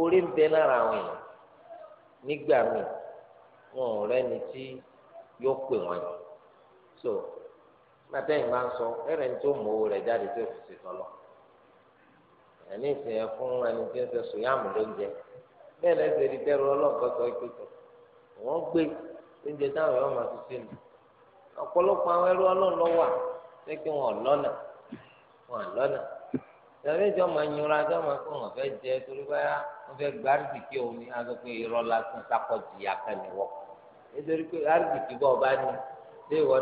orí ń bẹ lára àwọn èèyàn nígbà míì wọn ò rẹ́ni tí yóò pè wọ́n yìí so látẹ̀yìn máa ń sọ ẹ̀rẹ̀ ní tó mọ owó rẹ̀ jáde tó fi ṣètọ́ lọ. ẹni ìsìn yẹn fún ẹni tí ń lóúnjẹ sọ pé tọ̀ wọ́n gbé oúnjẹ táwọn yóò máa fi sínú ọ̀pọ̀lọpọ̀ àwọn ẹrú ọlọ́run wà kí ìjọ máa máa kó wọn jẹ torí báyà gba àrídìkì òun ni aṣọ pé lásán nítorí pé àrídìkì ìwọ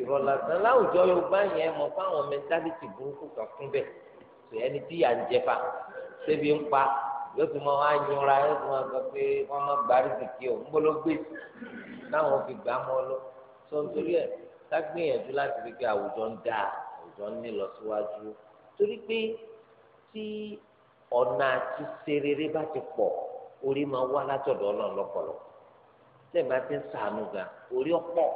ìrọ̀lásán láwùjọ yorùbá yẹn mọ fáwọn mẹńtálítì burúkú kan fún bẹ́ẹ̀ tó ẹni tí yà ń jẹfa ṣébi ń pa yóò tún máa wá yanra yóò tún máa sọ pé wọn máa gbárí sìkì ọ ńgbọ́n ló gbé táwọn fi gbà mọ́ lọ sọ nítorí ẹ̀ ká gbìyànjú láti rí pé àwùjọ ń dáa àwùjọ ń nílọ síwájú torí pé tí ọ̀nà àti serere bá ti pọ̀ orí máa wá látọ̀dọ̀ ọlọ́run lọ́pọ̀lọpọ̀ tẹ́ẹ̀ bá ti ń sàánú gan orí ọ̀pọ̀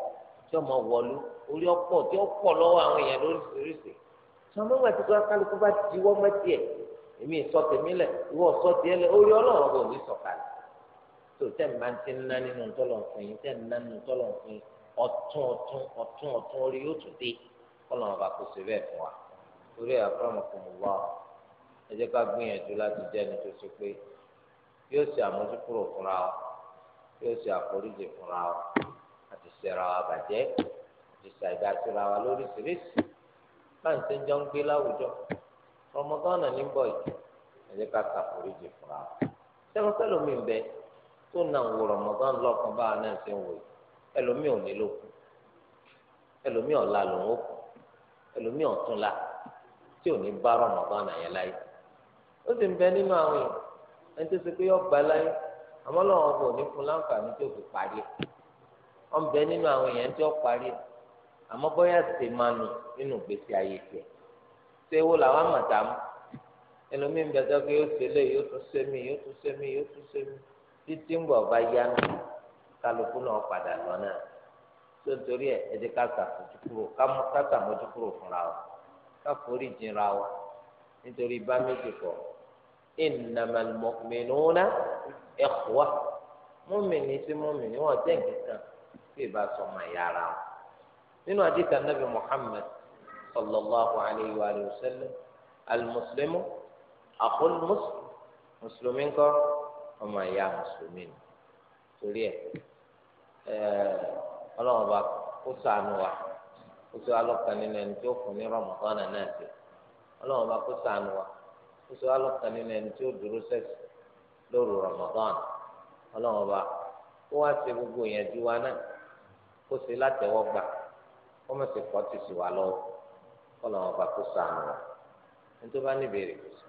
tí ọmọ wọlú orí ọ̀pọ̀ tí ó pọ̀ lọ́wọ́ àwọn èèyàn lóríṣiríṣi tí ọmọ ìgbà tí kò kálukú bá diwọ́ mẹtì ẹ èmi sọ tèmi lẹ ìwọ sọ tiẹ̀ lẹ orí Ọlọ́run kò ní sọ̀kalẹ̀ tó tẹ n bá ti ná nínú tọlọ fún yín tẹ n ná nínú tọlọ fún yín ọ̀tún ọ̀tún ọ̀tún ọ̀tún orí yóò tún dé kọlọ wọn bá kó ṣe bẹ́ẹ̀ fún wa orí àkọọmọ kò mú wá ẹ jẹ ká gbìyànjú láti jẹ ẹni tó ṣe pé yóò ṣe àmójúkúrò fúnra ọ yóò ṣe àforíjì fúnra ọ. ṣẹ̀ra wa bàjẹ́ ti síra wa lóríṣiríṣi bá ń jọ ń gbé láwùjọ ọmọgánà ní bọ̀ yìí ẹ̀jẹ̀ ká ṣàforíjì fúnra wa sẹ́wọ́n pẹ́lúmi ń bẹ tó nà ń wo rọmọgán lọ́kàn báwa náà ṣe ń wò yìí ẹlòmí ò ní ẹlòmí ọ̀la ẹlòmí ọ̀túnla tí ò ní bá rọmọgánà yẹn láyé ó sì ń bẹ nínú àwọn èèyàn ẹni tó wọn bẹ nínú àwọn èèyàn tí wọn parí àmọ́ bóyá ṣe máa nù nínú gbèsè ayé tiẹ̀ ṣé wo làwọn àmàtà mú ẹlòmíì ń bẹ tó pé yóò ṣe lé yóò tún ṣe mí yóò tún ṣe mí yóò tún ṣe mí títí ń bọ̀ bá yá mi kálukú náà padà lọ náà tó ń torí ẹ ẹ ti ká sàmójú kúrò ká sàmójú kúrò fúnra wa ká forí jinra wa nítorí bá méjì kọ innamal mu'minuna ikhwah mọ́mìnì sí mọ́mìnì wọn jẹ́ kan tí ì bá sọ ọmọ ìyá ara wọn nínú àdìsá nàbì Muhammad sallallahu alayhi wa sallam alimuslimu akul muslim mùsùlùmí ńkọ ọmọ ìyá mùsùlùmí ni torí ẹ ọlọ́run ọba kó ṣàánú wa kó sọ alọ́kàn nínú ẹni tí ó fún ní rọmọdánà náà sí ọlọ́run ọba kó ṣàánú wa kó sọ alọ́kàn nínú ẹni tí dúró sẹ́sì lóru rọmọdánà ọlọ́run ọba kó wá ṣe gbogbo ìyẹn ju wa náà kó ṣe látẹ̀wọ́gbà kó mọ̀ sí pọ́tì sí wa lọ́wọ́ kó lọ́wọ́ bá kó sànù wọn nítorí bá níbèrè kò sí.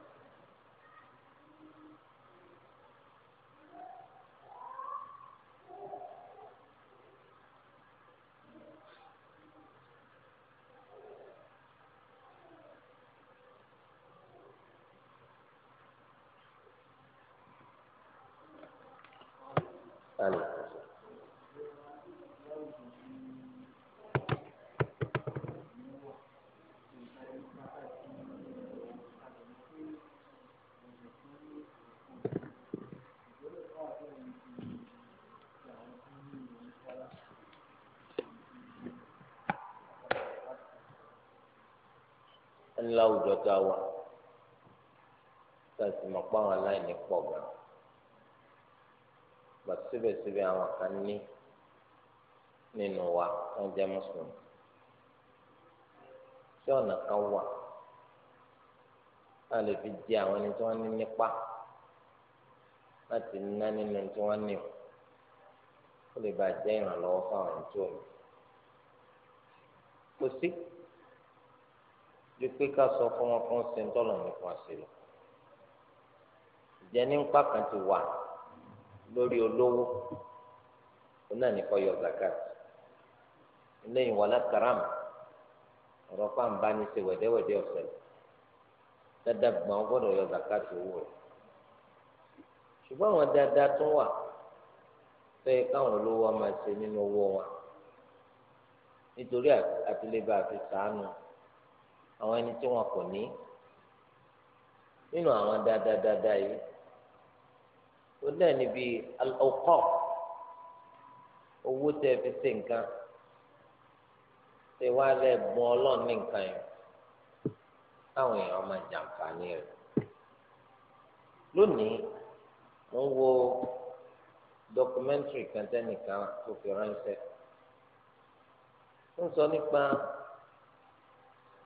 láwùjọ tá a wà tá a sì mọ̀ pé àwọn aláìní pọ̀ gan gbàtú síbẹ̀síbẹ̀ àwọn kan ní nínú wa wọ́n jẹ́ mùsùlùmí tí ọ̀nà kan wà a lè fi di àwọn ẹni tí wọ́n ní nípa láti ná nínú tí wọ́n ní ó lè bàjẹ́ ìrànlọ́wọ́ fáwọn ẹni tó ní kò sí ju pé ká sọ fún wọn fún ṣe ń tọ́lọ̀ nípa ṣe lọ. ìjẹ́ ní ńpá kan ti wà lórí olówó ó náà ní kó yọ zakat lẹ́yìn wàlá karam ọ̀rọ̀ pàǹbá ní ṣe wẹ̀dẹ́wẹ̀dẹ́ ọ̀sẹ̀ dáadáa gbọ́n gbọ́dọ̀ yọ zakat owó rẹ̀ ṣùgbọ́n àwọn dáadáa tún wà fẹ́ẹ́ káwọn olówó máa ṣe nínú owó wa nítorí àtìlébà àti sàánù àwọn ẹni tí wọn kò ní nínú àwọn dáadáa yìí ó náà níbi ọkọ owó tẹ fi ṣe nǹkan ṣe wá lẹ bọ Ọlọ́run ní nǹkan yẹn káwọn èèyàn máa jàǹfààní rẹ lónìí mo ń wo dọkumẹ́ntìrì kan tẹ́nìkan tó fi ránṣẹ́ ń sọ nípa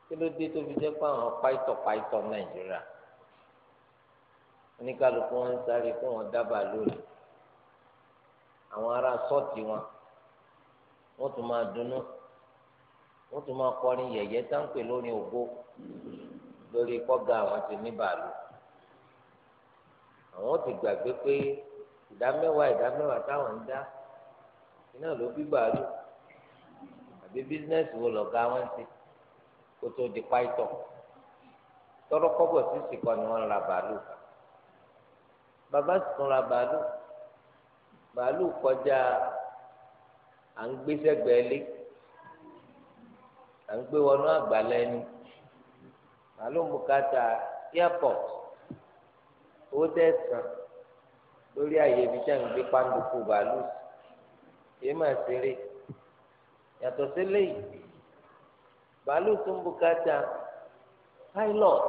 kí ló dé tó fi jẹ́ pé àwọn pàìtọ̀ pàìtọ̀ nàìjíríà oníkàlùkù wọn ń sáré kó wọn dábàá lónìí àwọn ará sọ́ọ̀tì wọn wọ́n tún máa dunnú wọ́n tún máa kọrin yẹ̀yẹ́ táǹpè lórí ògbó lórí kọ́gà àwọn ti ní bàálù àwọn ti gbàgbé pé ìdá mẹ́wàá ìdá mẹ́wàá táwọn ń dá iná ló bí bàálù àbí bísínẹ́sì wo lọ̀gá wọn ti kó di pàìtọ tọrọ kọ́bọ̀ sísì kọ ni wọ́n ra bàálù bàbá sì tún ra bàálù bàálù kọjá à ń gbé sẹ́gbẹ̀ẹ́ lé à ń gbé wọnú àgbàlẹ ni bàálù ń bùkátà airport owó tẹ san lórí àyè ibi tẹ́ ń gbé pàǹdùkù bàálù yìí máa ṣeré yàtọ̀ sí léyìí bàálù tó ń bùkátà pilot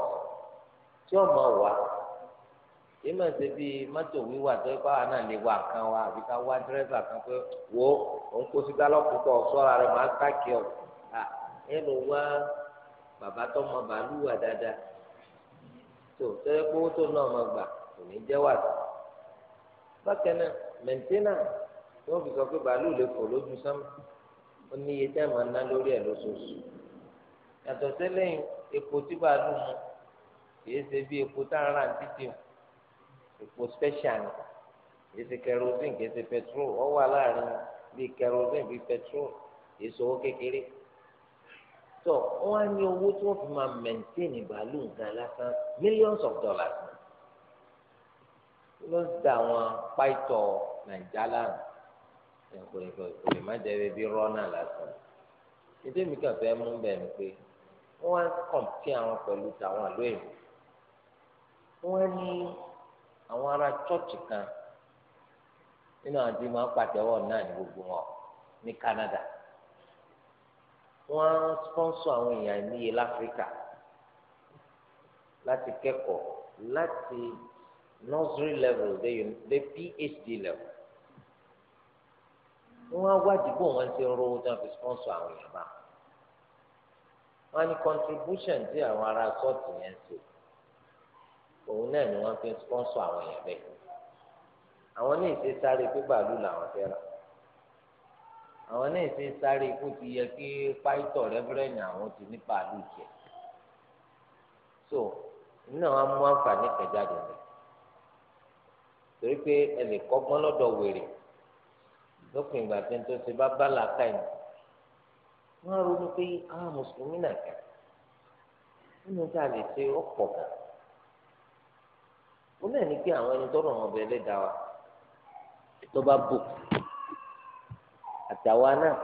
tí ọmọ wà èyí máa ṣe bíi mọ́tò wíwà tó ipá wa náà lè wà kan wa àbí ká wá dírẹ́fà kan pé wo òun kó sí gálọ́pù tó sọ́ra rẹ̀ máa ń káàkiri ọ̀ ẹ lọ wá bàbá tó mọ bàálù wà dáadáa tó tẹ́lẹ̀ pé owó tó náà máa gbà kò ní jẹ́ wà sí. bákan náà mẹ̀ńtẹ́nà ni wọ́n fi sọ pé bàálù lè fò lójú sánmà ó ní iye tẹ́ máa ná lórí ẹ̀ lóṣooṣù yàtọ̀ sẹ́lẹ̀yìn epo tí bàálù mu kìí ṣe bí epo tá a rà títì epo special ni kìí ṣe kerosene kìí ṣe petrol ọ wà láàrin bíi kerosene bíi petrol kìí ṣe owó kékeré tó wọn á ní owó tí wọn fi máa maintain bàálù nǹkan lásán millions of dollars ló ń da àwọn pàìtọ nàìjà lánàá ẹ kò lè má jẹ bí rọ náà lásán ìdí mi kàn fẹ́ mú bẹ́ẹ̀ ni pé wọ́n á kọ̀m̀pì àwọn pẹ̀lú tàwọn àlọ́ èèyàn wọ́n ní àwọn ará chọ́ọ̀chì kan nínú àwọn tí máa ń pàtẹ́wọ́ náà ní gbogbo wọn ní Canada wọ́n á sponsor àwọn èèyàn níye láfíríkà láti kẹ́kọ̀ọ́ láti nursery level dé dé PhD level wọ́n á wádìí bó wọ́n ti ń rówó tí wọ́n fi sponsor àwọn èèyàn báà wọ́n ní contribution tí àwọn ará sọ́ọ̀tì yẹn ṣe òun náà ni wọ́n fi ń sponsor àwọn èèyàn bẹ́ẹ̀ àwọn ní ìṣe sáré pé bàálù làwọn fẹ́ rà àwọn ní ìṣe sáré kó ti yẹ kí pásítọ̀ rẹ́fúrẹ́nì àwọn ti ní bàálù jẹ so nínú àwọn amú àǹfààní kẹjáde rẹ torí pé ẹ lè kọ́gbọ́n lọ́dọ̀ wèrè lópin ìgbà tí n tó ṣe bá bá làákà yìí wọn ronú pé àwọn ah, mùsùlùmí náà kà nínú tá a lè ṣe ọ̀pọ̀ kan ó náà ní pé àwọn ẹni tọrọ wọn bẹ lẹdá wa tó bá bò àtàwa náà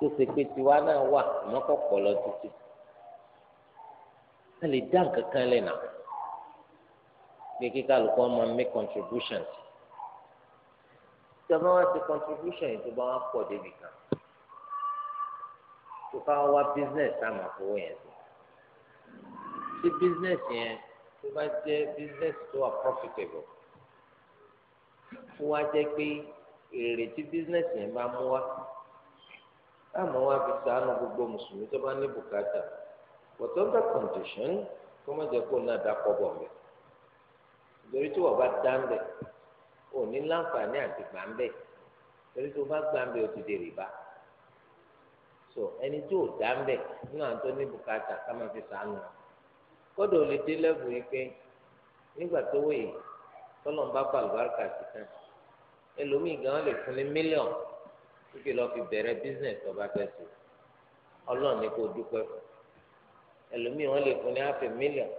tó ṣe pé tiwa náà wà mọ́kànpọ̀ lọ títí a lè dá nǹkan kan lẹ́nà pé kíkà lùkọ́ máa make contributions tí a bá contribution yìí tó bá wá pọ̀ débi kan tó bá wá business tá a máa fowó yẹn sí tí business yẹn tó bá jẹ́ business tó wà profitable tó wá jẹ́ pé èrè tí business yẹn bá mú wá táwọn wá fi ṣàánú gbogbo mùsùlùmí tó bá ní bùkátà but under condition kó má jẹ́ kó náà dá kọ́bọ̀ mẹ́ torí tí wọ́n bá dá ń bẹ̀ ò ní láǹfààní àti gbà ń bẹ̀ torí tó bá gbà ó ti di rìbá so ẹni tí ò dá mbẹ nínú àwọn tó ní bùkátà ká máa fi sànù kódò lè dé lẹ́bù yìí pé nígbà tó wòye tọ́lọ̀ ń bá pa àlùbáríkà sí tán ẹlòmíì gan lè fún ní mílíọ̀n wípé lọ́ọ́ fi bẹ̀rẹ̀ bísíǹsì ọba fẹ́ sùn ọlọ́run ní kó dúpẹ́ fún ẹlòmíì wọn lè fún ní àfẹ mílíọ̀n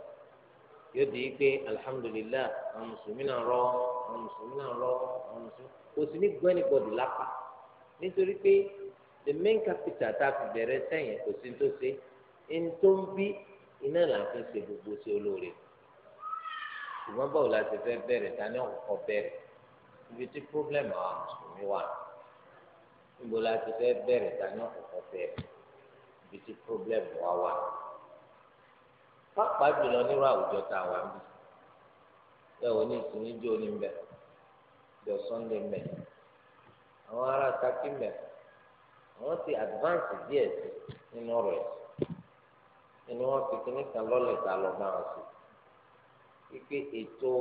yóò di pé alihamudulilayi àwọn mùsùlùmí náà rọ àwọn mùsùlùmí náà rọ àwọn mùsùlùmí kò sí ní gbẹ́nìbọ̀dì lápá nítorí pé the main capital tá a fi bẹ̀rẹ̀ sẹ́yìn kò sí tó ṣe ń tó ń bí iná là ń fi ṣe gbogbo sí olóore ṣùgbọ́n báwo la ti fẹ́ bẹ̀rẹ̀ ta ní ọ̀kọ̀ọ̀kan bẹ̀rẹ̀ ibi tí problem àwọn mùsùlùmí wà níbo la ti fẹ́ bẹ̀rẹ̀ ta ní ọ̀kọ̀ọ̀kan bẹ̀rẹ̀ ibi tí problem wà wà pápá jùlọ nírú àwùjọ tá a wà ń bì ẹ ò ní ìsinmi jó ní mbẹ jọ sunday mbẹ àwọn ará takí mbẹ àwọn ti advance díẹ̀ sí nínú ọ̀rọ̀ ẹ̀sìn ni wọ́n fi kíní kan lọ́lẹ̀ ta lọ bá wọn sí wípé ètò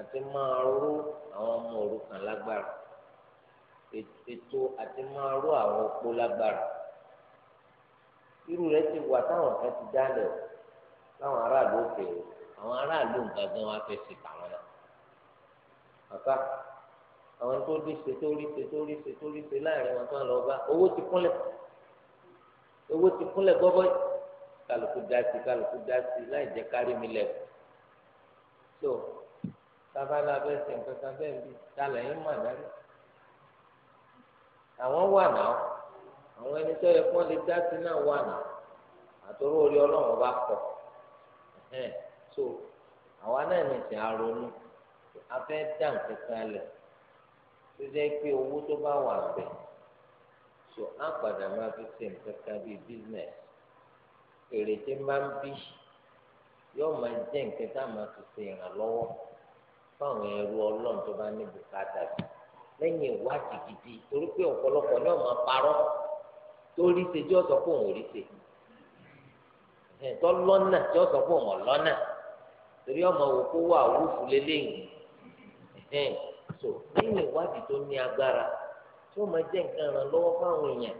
àti máa ró àwọn ọmọ òrukàn lágbára ètò àti máa ró àwọn opó lágbára irú rẹ̀ ti wà táwọn kan ti dálẹ̀ o aráàlú òkèèrè àwọn aráàlú nǹkan gan wá fẹ́ ṣe tàwọn náà àwọn tó rí ṣe tó rí ṣe tó rí ṣe tó rí ṣe láàrin wọn tó ń lọ bá owó ti kúnlẹ̀ owó ti kúnlẹ̀ gbọ́bọ́ kálukú dá sí kálukú dá sí láì jẹ́ kárí mi lẹ̀ so sábàlá bẹ́ẹ̀ sẹ̀ nǹkan bẹ́ẹ̀ bí kálẹ̀ yín mà dárí àwọn wà náà àwọn ẹni tó yẹ kó lè dá sí náà wà náà àtòrò orí ọlọ́run bá pọ̀ so àwa náà nìsín àrònú afẹ́ dá nǹkan kan lẹ̀ tó jẹ́ pé owó tó bá wà bẹ̀ so á padà máa fi ṣe nǹkan kan bíi business èrè tí máa ń bí yóò máa jẹ́ nǹkan tá a máa fi ṣe ìrànlọ́wọ́ fáwọn ẹrú ọlọ́run tó bá ní bùkátà sí lẹ́yìn ìwádìí gidi torí pé ọ̀pọ̀lọpọ̀ náà máa parọ́ torí ṣe jẹ́ ọ̀sọ̀ fún òun rí ṣe ẹ̀tọ́ lọ́nà jẹ́ ọ̀sọ̀ fún òun lọ́nà torí ọmọ òkú wà wúfú lélẹ́yìn so lẹ́yìn ìwádìí tó ní agbára tí wọ́n máa jẹ́ nǹkan ràn lọ́wọ́ fáwọn èèyàn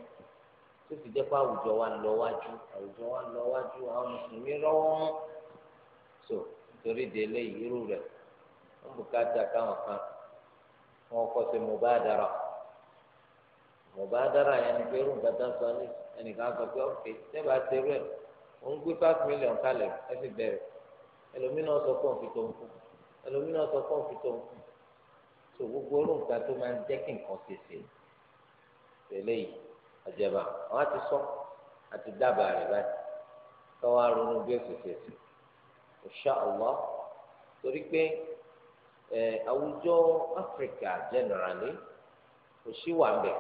tó sì jẹ́ pé àwùjọ wa lọ wájú àwùjọ wa lọ wájú àwọn mùsùlùmí mú so nítorí délé irú rẹ̀ wọ́n bùkátà káwọn kan wọ́n kọ́ sí mubadara mubadara yẹn ni pé sọ ní ẹnìkan sọ pé tẹ́bà ti gbé five million kalẹ̀ ẹ bẹ̀rẹ̀ ẹlòmínà sọ pé so gbogbo olóńgbà tó máa ń jẹ́ kí nǹkan ṣèṣe tẹ̀lé yìí àjẹbà àwọn ti sọ àti dábàá rẹ̀ báyìí káwá ronú bí o ṣèṣe sí insha pe torí pé ẹ àwùjọ Áfíríkà generally kò sí wà ń bẹ̀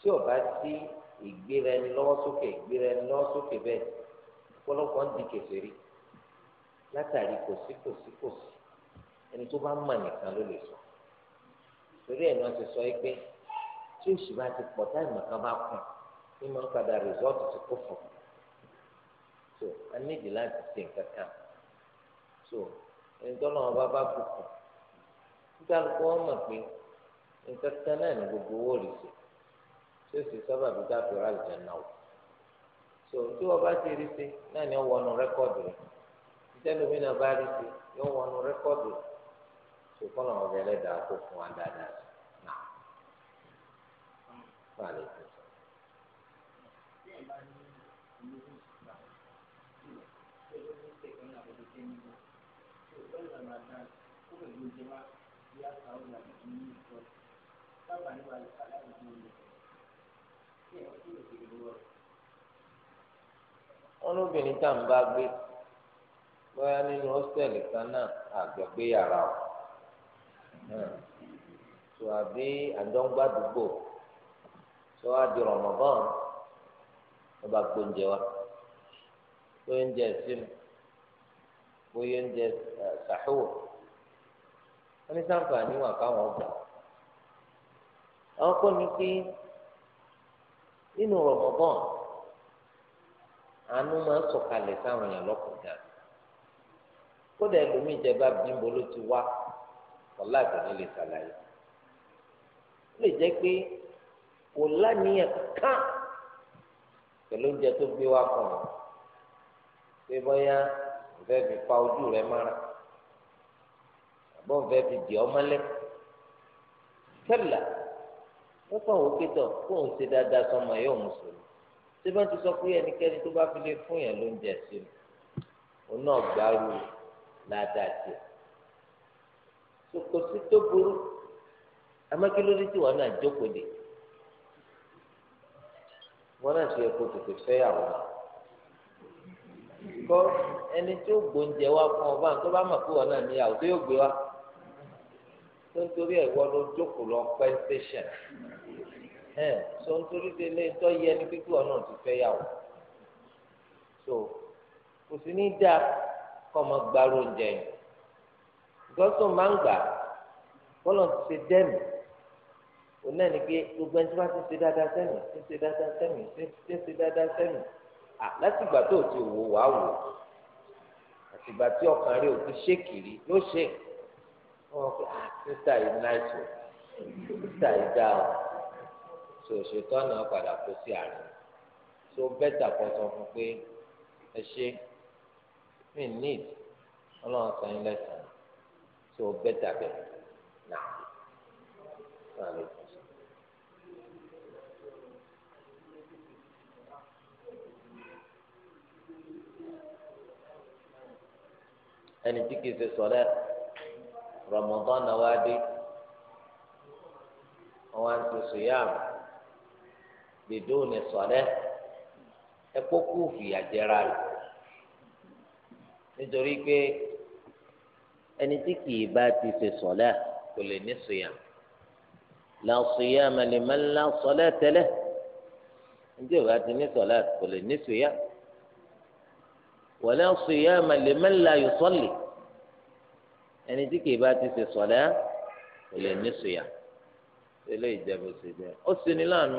tí ó bá sí ìgbéra ẹni lọ́wọ́ sókè ìgbéra ẹni lọ́wọ́ sókè ẹni tó bá mọ̀ nìkan ló lè sọ torí ẹ̀ ni wọ́n ti sọ yìí pé tí òṣì bá ti pọ̀ táì mọ̀ kan bá kùn ní máa ń padà rìsọ́ọ̀tù ti kó fún so a níjì láti ṣe nǹkan kan so ẹni tó lọ́wọ́ bá bá kù kù nígbà tó wọ́n mọ̀ pé nǹkan kan náà ní gbogbo owó rẹ̀ sí tí ó sì sábà bí dáàbò rà lìjẹ́ náà wò so tí wọ́n bá ti rí sí náà ni wọ́n wọnú rẹ́kọ̀dù rẹ̀ ìtẹ́lómi náà bá rí sí yóò wọnú rẹ́kọ̀dù rẹ̀. sùkọ́nà ọ̀bẹ ẹlẹ́dàá kó fún wa dáadáa náà wà lè tó sọ. wọn lóbìnrin tá à ń bá gbé bóyá nínú hostel kan náà àgbẹ̀gbé yàrá o. tó àbí àjọǹgbà àdúgbò tó di bá gbóúnjẹ wa gbóúnjẹ sínú gbóúnjẹ sàhùwò wọn ní sáǹfààní wà káwọn gbà àwọn pé nínú àánú máa ń sọ̀kalẹ̀ sáwọn èèyàn lọ́kùnrin kódà jẹba bímbo ló ti wá. wàláì kò ní lè ṣàlàyé ó lè jẹ́ pé kò lánìyàn kán pẹ̀lú oúnjẹ tó gbé wá fún ọ pé bóyá òfẹ́ fi pa ojú rẹ mára àbọ̀ òfẹ́ fi dì ọ́ mọ́lẹ̀ kẹ́là wọ́n kàn wọ́n pétọ̀ kó òun ṣe dáadáa sọmọ yóò mùsùlùmí ṣé bá ti sọ pé ẹnikẹ́ni tó bá fi lè fún yẹn lóúnjẹ sí i òun náà gbárù ládàá tiẹ̀ sokosi tó burú amákélódé tí wọn náà jókòó de wọn náà ṣe ẹ̀kọ́ tètè fẹ́yàwó kọ ẹni tó gbóúnjẹ wá fún ọba tó bá mọ̀ pé wọn náà níyàwó tó yóò gbé wá tó ń torí ẹ̀wọ́ ló jókòó lọ pẹ́ tẹ̀sán ẹ̀ tó ń torí délé tó yẹ ní pípé wọn náà ti fẹ́yàwó so kò sí ní dáa kọ́ ọ ma gbárò oúnjẹ yìí gbọ́sọ̀ máa ń gbà bọ́lọ̀ ti ṣe dẹ́nu òun ni pé gbogbo ẹni tí wọ́n ti ṣe dáadáa sẹ́nu ti ṣe dáadáa sẹ́nu ti ṣe dáadáa sẹ́nu à láti ìgbà tó o ti wò wá wò àti ìgbà tí ọkàn rẹ ò ti ṣe kiri yóò ṣe wọn kò à sísá yìí náìsọ sísá yìí dá o sòṣètò náà padà kó sí àárín tó bẹ́tà kọ́ sọ fún pé ẹ ṣe mí níìdì ọlọ́run sọ yín lẹ́sàn-án tó bẹ́tà bẹ́ẹ̀ náà náà lè kọ́. ẹni tí kìí ṣe sọlẹ Ramadan náà wá dé wọn wá ń ṣe sùyàmù gbèdó ní sọlẹ ẹkọ kú fìyà jẹra rẹ nítorí pé ẹni tí kìí bá ti ṣe sọlẹ kò lè ní sòyà la sòyà mẹlẹmẹ la sọlẹ tẹlẹ ndí o bá ti ní sọlẹ kò lè ní sòyà wala sòyà mẹlẹmẹ la yọ sọlẹ ẹni tí kìí bá ti ṣe sọlẹ kò lè ní sòyà tẹlẹ ìjẹbù sí jẹ ó sì ní láàánú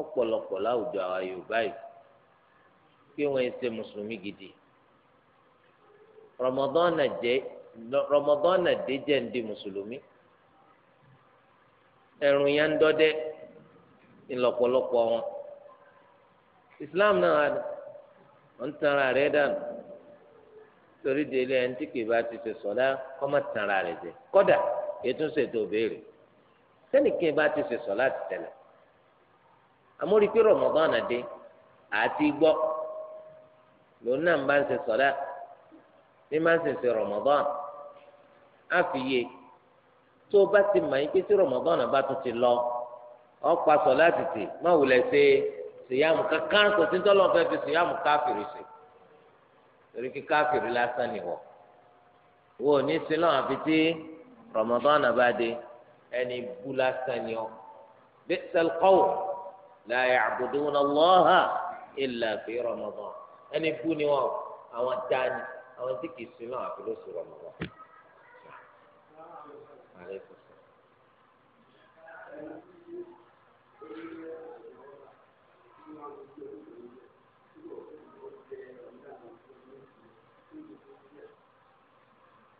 ọ̀pọ̀lọpọ̀ láwùjọ àwa Yorùbá yìí kí wọn ṣe mùsùlùmí gidi Ramadan náà rọmọdọ́nà dé jẹ́ di mùsùlùmí ẹ̀rùn yẹn ń dọ́dẹ́ ńlọpọlọpọ wọn Islam náà wọn tanra rẹ dànù torí délé ẹni tí kì í bá ti ṣe sọ̀dá kọ́mọ tanra rẹ jẹ kọ́dà ètún ṣètò béèrè sẹ́ni kí n bá ti ṣe sọ̀lá ti tẹ̀lẹ̀ amórí pé dé àti gbọ́ lòun ń bá ń ṣe sọ̀dá ní má ń ṣe ṣe Ramadan á fi yé tó o bá ti mọ̀ yín pé tí rọmọdọ́nà bá tún ti lọ ọ pa sọ láti tè má wulẹ̀ ṣe sìyàmù kankan kò sí tọ́lọ́ fẹ́ fi sìyàmù káfìrì ṣe torí kí káfìrì lásán nìwọ wo ní sílọ̀ àfi tí rọmọdọ́nà bá dé ẹni bú lásán ni ọ bí sẹlkọ́wò la ya'buduna Allaha illa fi rọmọdọ́n ẹni bú ni wọn àwọn dání àwọn tí kì í sílọ̀ àfi lóṣù rọmọdọ́n.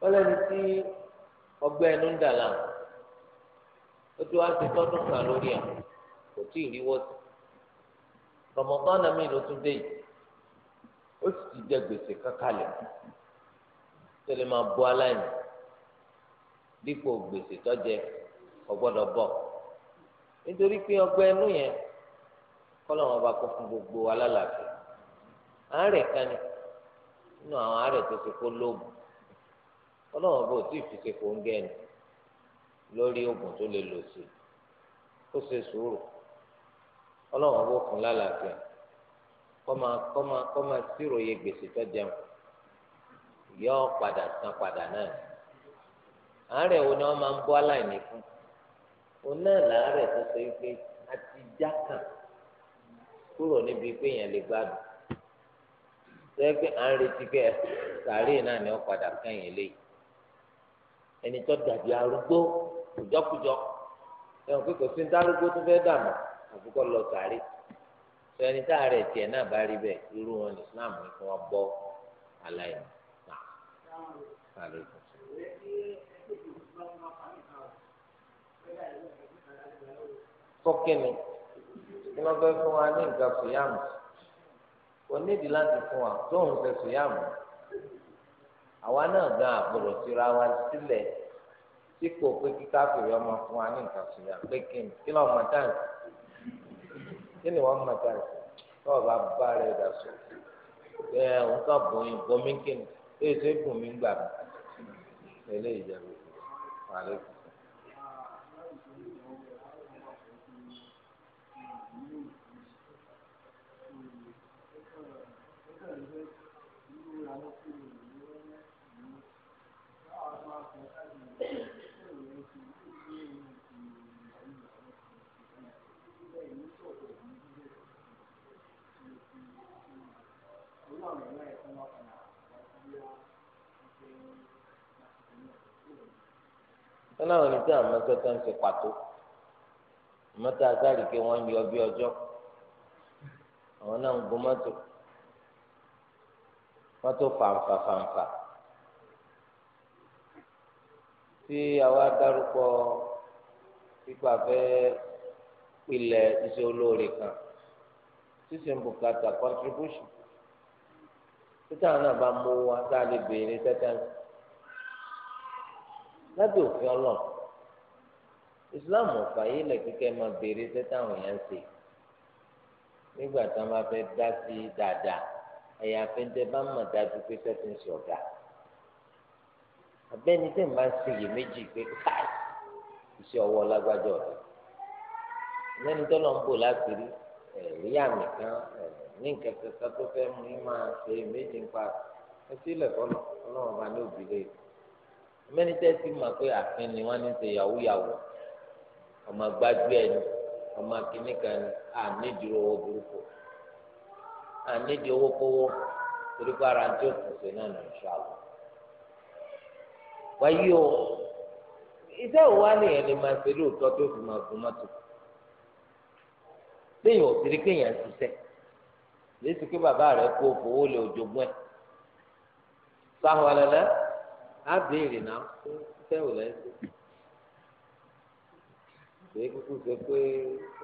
ọlẹ́ni tí ọgbẹ́ ẹnu ń dà láàmú ó ti wá ti tọ́dún kan lórí kò tí ì ríwọ́ sí Ramadan mi ló tún dé yìí ó sì ti jẹ gbèsè kankalẹ̀ tẹ́lẹ̀ máa bọ́ aláìní dípò gbèsè tọ́jẹ ọgbọ́dọ̀ bọ̀ nítorí pé ọgbẹ́ ẹnu yẹn kọ́lọ̀ wọn ọlọ́run bò tí ìfìṣe kò ń gẹ́ni lórí oògùn tó lè lò sí kó ṣe sùúrù ọlọ́run fún lálàáfíà kọ́má kọ́má sírò yẹ gbèsè tó jẹun yọ padà náà àárẹ̀ wo ni wọ́n máa ń bọ́ aláìní fún náà làárẹ̀ tó ṣe pé a ti já kàn kúrò níbi pé èèyàn lè gbádùn à ń retí pé sàárè náà ni wọ́n ẹni tó dàbí arúgbó kùjọkùjọ ẹ̀wọ̀n pé kò sí ní darúgbó tó fẹ́ dànù àbúkọ́ lọ sàárè sọ ẹni tá a rẹ̀ tiẹ̀ náà bá rí bẹ́ẹ̀ irú wọn ní Islam ní kí wọ́n bọ́ aláìní náà sáré kù. fọ́kínni kí wọ́n fẹ́ fún wa ní nǹkan sùyàmù kò nídìí láti fún wa tóun fẹ́ sùyàmù. àwa náà gan àbúrò síra wa sílẹ̀ tí kò pé kíkà fèrè ọmọ fún wa ní nǹkan sùn yà pé kí ni kí mọ kí ni mọ bá bá dà sọ ẹ kí ni mí wàlẹ́kùn. wọn láwọn ní tí àwọn mẹsẹsẹ ń ṣe pàtó mọta sáré pé wọn ń yọ bí ọjọ́ àwọn náà ń gun mọ́tò mọ́tò fàǹfà fàǹfà tí àwa dárúkọ pípa fẹ́ pilẹ̀ iṣẹ́ olóore kan sísè ń bùkátà contribution títà náà bá mú wa tá a lè béèrè tẹ́tẹ́ǹsì lábẹ́ òfin ọlọ́run islam ọ̀fà yìí lẹ̀ kíkẹ́ máa béèrè iṣẹ́ táwọn èèyàn ń ṣe nígbà tí wọ́n bá fẹ́ dá sí dáadáa ẹ̀yà afẹ́ńtẹ́ bá mọ̀ dájú pé sẹ́tún ṣe ọ̀gá abẹ́ni tẹ̀ máa ń ṣiyè méjì pé káì iṣẹ́ ọwọ́ lágbájọ́ ọ̀dọ́ lẹ́ni tó lọ ń bò láti rí ẹ̀rí àmì kan ní nǹkan kankan tó fẹ́ mú yín máa ṣe méjì ń pa ẹtí ilẹ̀ kọ́ lọ́wọ́ bá ní òbí lẹ́yìn. mẹ́ni tẹ́ ti mọ̀ pé àfin ni wọ́n ní ṣe yahoo yahoo ọmọ ni ọmọ kìíní kan ni ànídìí owó burúkú ànídìí owó kówó torí pé ara tí ó kù sí náà nà ṣàlù. wáyé o iṣẹ́ òwò máa ṣe lóòótọ́ tó fi máa gun mọ́tò léyìn òsèré kéèyàn ṣiṣẹ́ pé bàbá rẹ̀ kó fowó lè ẹ̀ alẹ́ náà. á béèrè náà ṣé ò lẹ́sẹ̀ èyí kúkú ṣe pé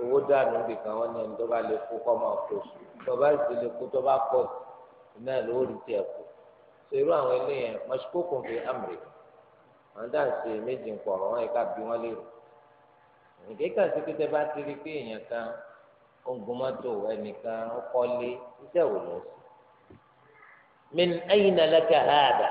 owó dànù nìkan wọn náà tó bá lè kú kọ́ máa kó tó bá sì lè kú tó bá pọ̀ náà lówó rí tiẹ̀ kú ṣe irú àwọn eléyẹn mọ̀ṣíkókò fi amèrè wọn dà sí méjì ń pọ̀ wọn ẹ̀ka bí wọ́n lè rò ìkéka sí pé tẹ bá ti rí pé èèyàn kan ó ń gun mọ́tò ẹnìkan ó kọ́lé iṣẹ́ wò lọ sí. min ayna laka hada.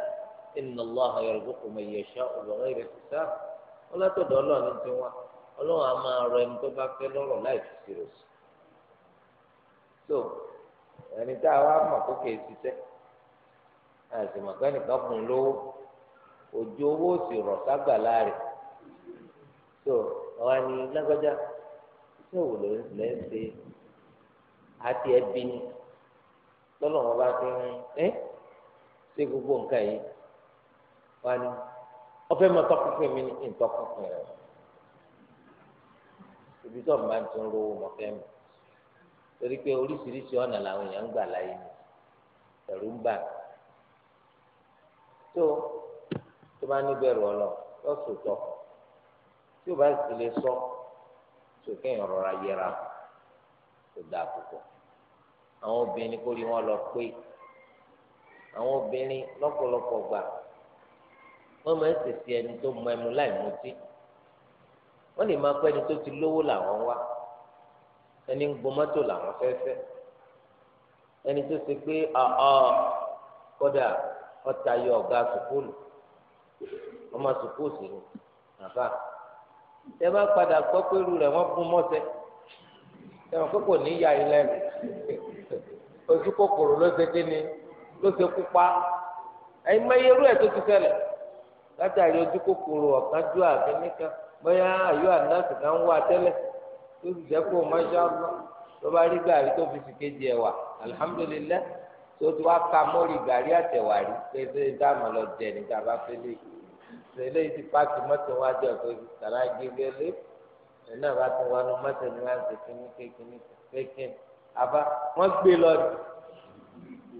inna allah yarzuqu man yasha'u bighayri hisab ọlọ́tọ̀dọ̀ ọlọ́run ti wá ọlọ́run fi so ẹni tá a wá mọ̀ kó kèé ṣiṣẹ́ àti màkà nìkan fún un lówó owó sì so ọ̀hán ni lágbájá iṣẹ́ òwò lẹ́ ń ṣe àti ẹbí ni lọ́lọ́run bá fi ń ṣe gbogbo nǹkan yìí. wà ní ọfẹ mọ tọkùnfin mi ní ìtọkùnfin rẹ ibi tó máa ń tún rówó mọ fẹ mi torí pé oríṣiríṣi ọ̀nà làwọn èèyàn ń gbà láyé mi ẹ̀rù ń bà tó tó bá níbẹ̀rù ọ̀nà yóò sòtọ̀ tí o bá sì lè sọ sókè yẹn yẹra kò dáa púpọ̀ àwọn obìnrin kórìí wọn lọ pé àwọn obìnrin lọ́pọ̀lọpọ̀ gbà wọ́n máa ń sèse ẹni tó mọ ẹmu láì mutí wọ́n lè máa pẹ́ ẹni tó ti lówó làwọn wá ẹni ń gbọmọ́tò làwọn fẹ́ fẹ́ ẹni tó ṣe pé ọ̀ kódà ọ̀tá yọ ọ̀gá sùkúlù ọmọ sùkúlù sí ni nàfà tẹ bá padà gbọ́ pé irú rẹ̀ wọ́n gún mọ́sẹ̀ ẹ̀wọ̀n pé kò ní ya ilẹ̀ ojú kòkòrò ló ṣe kí ni ló ṣe kú pa ẹ̀yin mọ iye irú ẹ̀ tó ti ṣẹlẹ̀ látàrí ojú kòkòrò ọ̀kan ju àfẹnìkan bóyá àyọ àdáàtì kan wà tẹ́lẹ̀ tó sì jẹ́ kó mọ́ṣáàbù tó bá rí gàrí tó fi sì kejì ẹ̀ wà alihamudulilayi tó ti wá ka mọ́rì gàrí àtẹ̀wà rí pé dáàmú lọ jẹ ní gàba fẹ́lẹ́ fẹ́lẹ́ ti páàkì mọ́tò wá jẹ́ pé sàrà gẹ́gẹ́ lé ẹ̀ náà bá ti wọnú mọ́tò ní wá ń ṣe kíní kékeré kékeré àbá wọ́n gbé lọ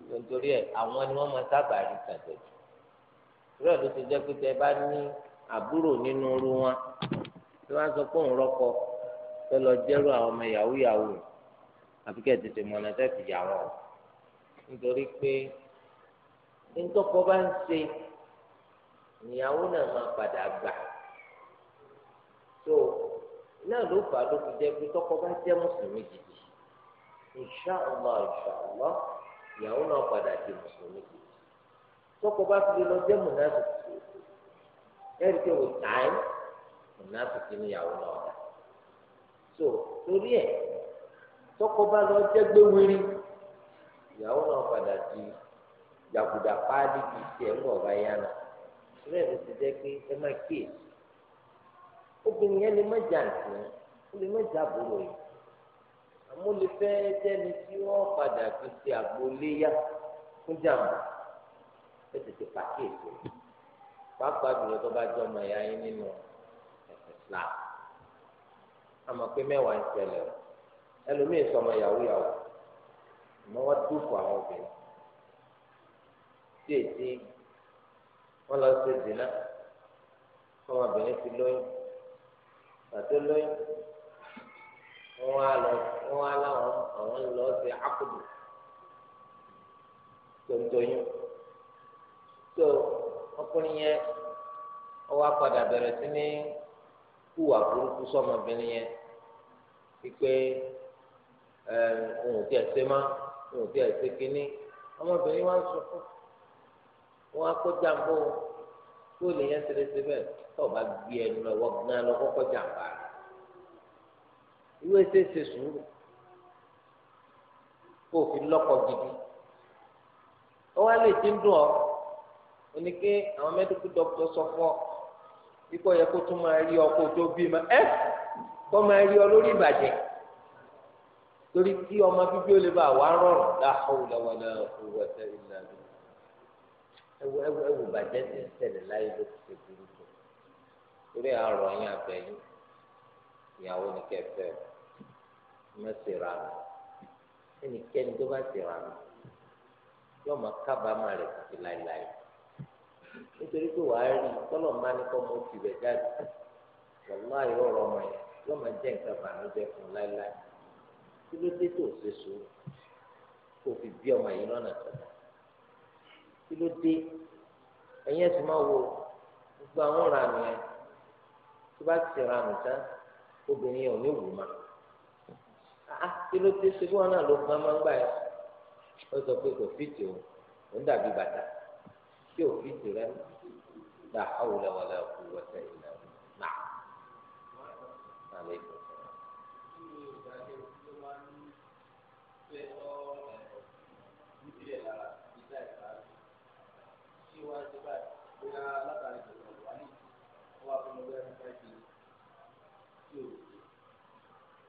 nítorí ẹ̀ àwọn ni wọ́n máa sábà rí sàjẹ́jì ìrọ̀ ló ti jẹ́ pé tẹ bá ní àbúrò nínú irú wọn tí wọ́n á sọ pé òun rọ́kọ fẹ́ lọ jẹ́rú àwọn ọmọ yahoo yahoo àfi kẹ́ ẹ̀ tètè mọ̀nà tẹ́ fi yà wọ́n nítorí pé ntọ́kọ bá ń ṣe ìyàwó náà máa padà gbà tó náà ló fà á ló fi jẹ́ pé tọ́kọ bá jẹ́ mùsùlùmí gidi insha Allah ìyàwó náà padà di mùsùlùmí gidi. tọkọ bá fi lè lọ jẹ́ mùnàfíkì ẹ̀rí pé wò náà so torí ẹ̀ tọkọ bá lọ jẹ́ gbéwìrì ìyàwó náà padà di jàgùdà páálí bíi tiẹ̀ ń bọ̀ bá yá náà torí ti jẹ́ pé ẹ má kíyè obìnrin yẹn lè má jà nìkan ó lè má jà yìí jẹ́ni tí wọ́n padà fi ṣe àgbo léyà fún ó sì ti pàkíyèsí rẹ̀ pàápàá jùlọ tó bá jọ ọmọ ẹ̀yà yín nínú ẹ̀sìn Islam àmọ́ pé mẹ́wàá ń ṣẹlẹ̀ o ẹlòmíì sọmọ yàwó yàwó àmọ́ wọ́n dúpọ̀ àwọn obìnrin tí èsì wọ́n lọ sí ìdìnnà ọmọbìnrin ti lóyún pàtó lóyún wọ́n á lọ àwọn lọ sí àkùdù tóńtóyún tó ọkùnrin yẹn ọwọ́ apàdà bẹ̀rẹ̀ sí ní hùwà burúkú sọmọbìnrin yẹn wípé òun ò tí ẹ ṣe má òun ò tí ẹ ṣe kínní ọmọbìnrin wa ń sunkún wọn á kó jàǹbó tó lè yẹn ṣe lè ṣe bẹ́ẹ̀ tó o bá gbé ẹnu lọ wọ gán lọ kọ́kọ́ jàǹbá rẹ ìwé ṣe ṣe sùúrù kó o fi lọ́kọ gidi ó wá lè ti dùn ọ oní ké àwọn mẹdíkù dọkítọ sọ fọ ikọ yẹ kó tún máa rí ọkọ tó bí ma ẹ kó máa rí ọ lórí ìbàjẹ́ torí kí ọmọ bíbí ó lè bá wa rọrùn láàárọ̀ lọ́wọ́ náà kó wọ sẹ́yìn náà lọ ẹwù ẹwù ẹwù bàjẹ́ ti ń ṣẹlẹ̀ láyé ló ti ṣe burú torí àárọ̀ yín abẹ́yìn ìyàwó ni kẹfẹ́ mẹ́sì rà mí tó bá ti rà mí yóò kábàámà rẹ̀ títí láéláé nítorí pé wàá rí tọ́lọ̀ máa ní kọ́ mọ́ ti rẹ̀ jáde wàlá yóò rọ ọmọ yẹn yóò máa jẹ́ nǹkan bànújẹ́ fún láéláé kí ló dé tó ṣe sùúrù kò fi bí ọmọ yìí lọ́nà kí ló dé gbogbo àwọn tó bá ti tán obìnrin ò ní wù má kí ló dé ṣe wọn náà ló gbọ́n máa tí ò fi tìrẹ la hawla wala quwwata illa billah náà lè kọ.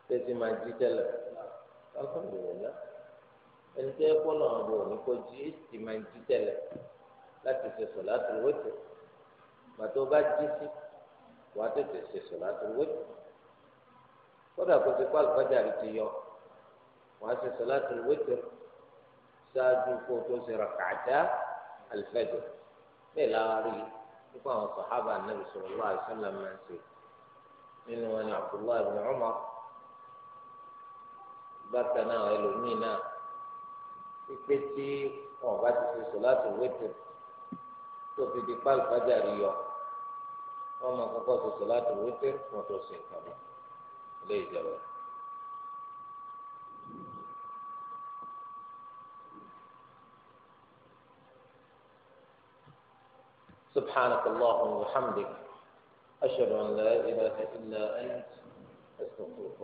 tẹ́tí máa jí tẹ́lẹ̀ alhamdulilayi ẹni tẹ́ kọ́ náà bọ̀ ní kó jí èsì máa jí tẹ́lẹ̀ láti ṣe sọ̀láàtì wọ́tì gbàtó bá jí sí wàá tètè ṣe sọ̀láàtì wọ́tì kódà kó ti kó àlùfáàjà rí ti yọ wàá ṣe sọ̀láàtì wọ́tì ṣáájú kó tó ṣe rọ̀kàjá àlùfáàjà bẹ́ẹ̀ láwa rí nípa àwọn sàhábà nàbì sallallahu alaihi wasallam máa ń ṣe nínú wọn ni Abdullah ibn Umar bákan náà ẹlòmíín náà pípé tí wọn bá ti ṣe sọ̀láàtì wọ́tì. tó fi di pálífàjà rí yọ wọn máa kọ́kọ́ sọsọ láti wípé wọn tó sin kàn mọ ilé ìjọba. سبحانك اللهم وبحمدك أشهد أن لا إله إلا أنت أستغفرك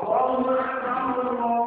وأتوب اللهم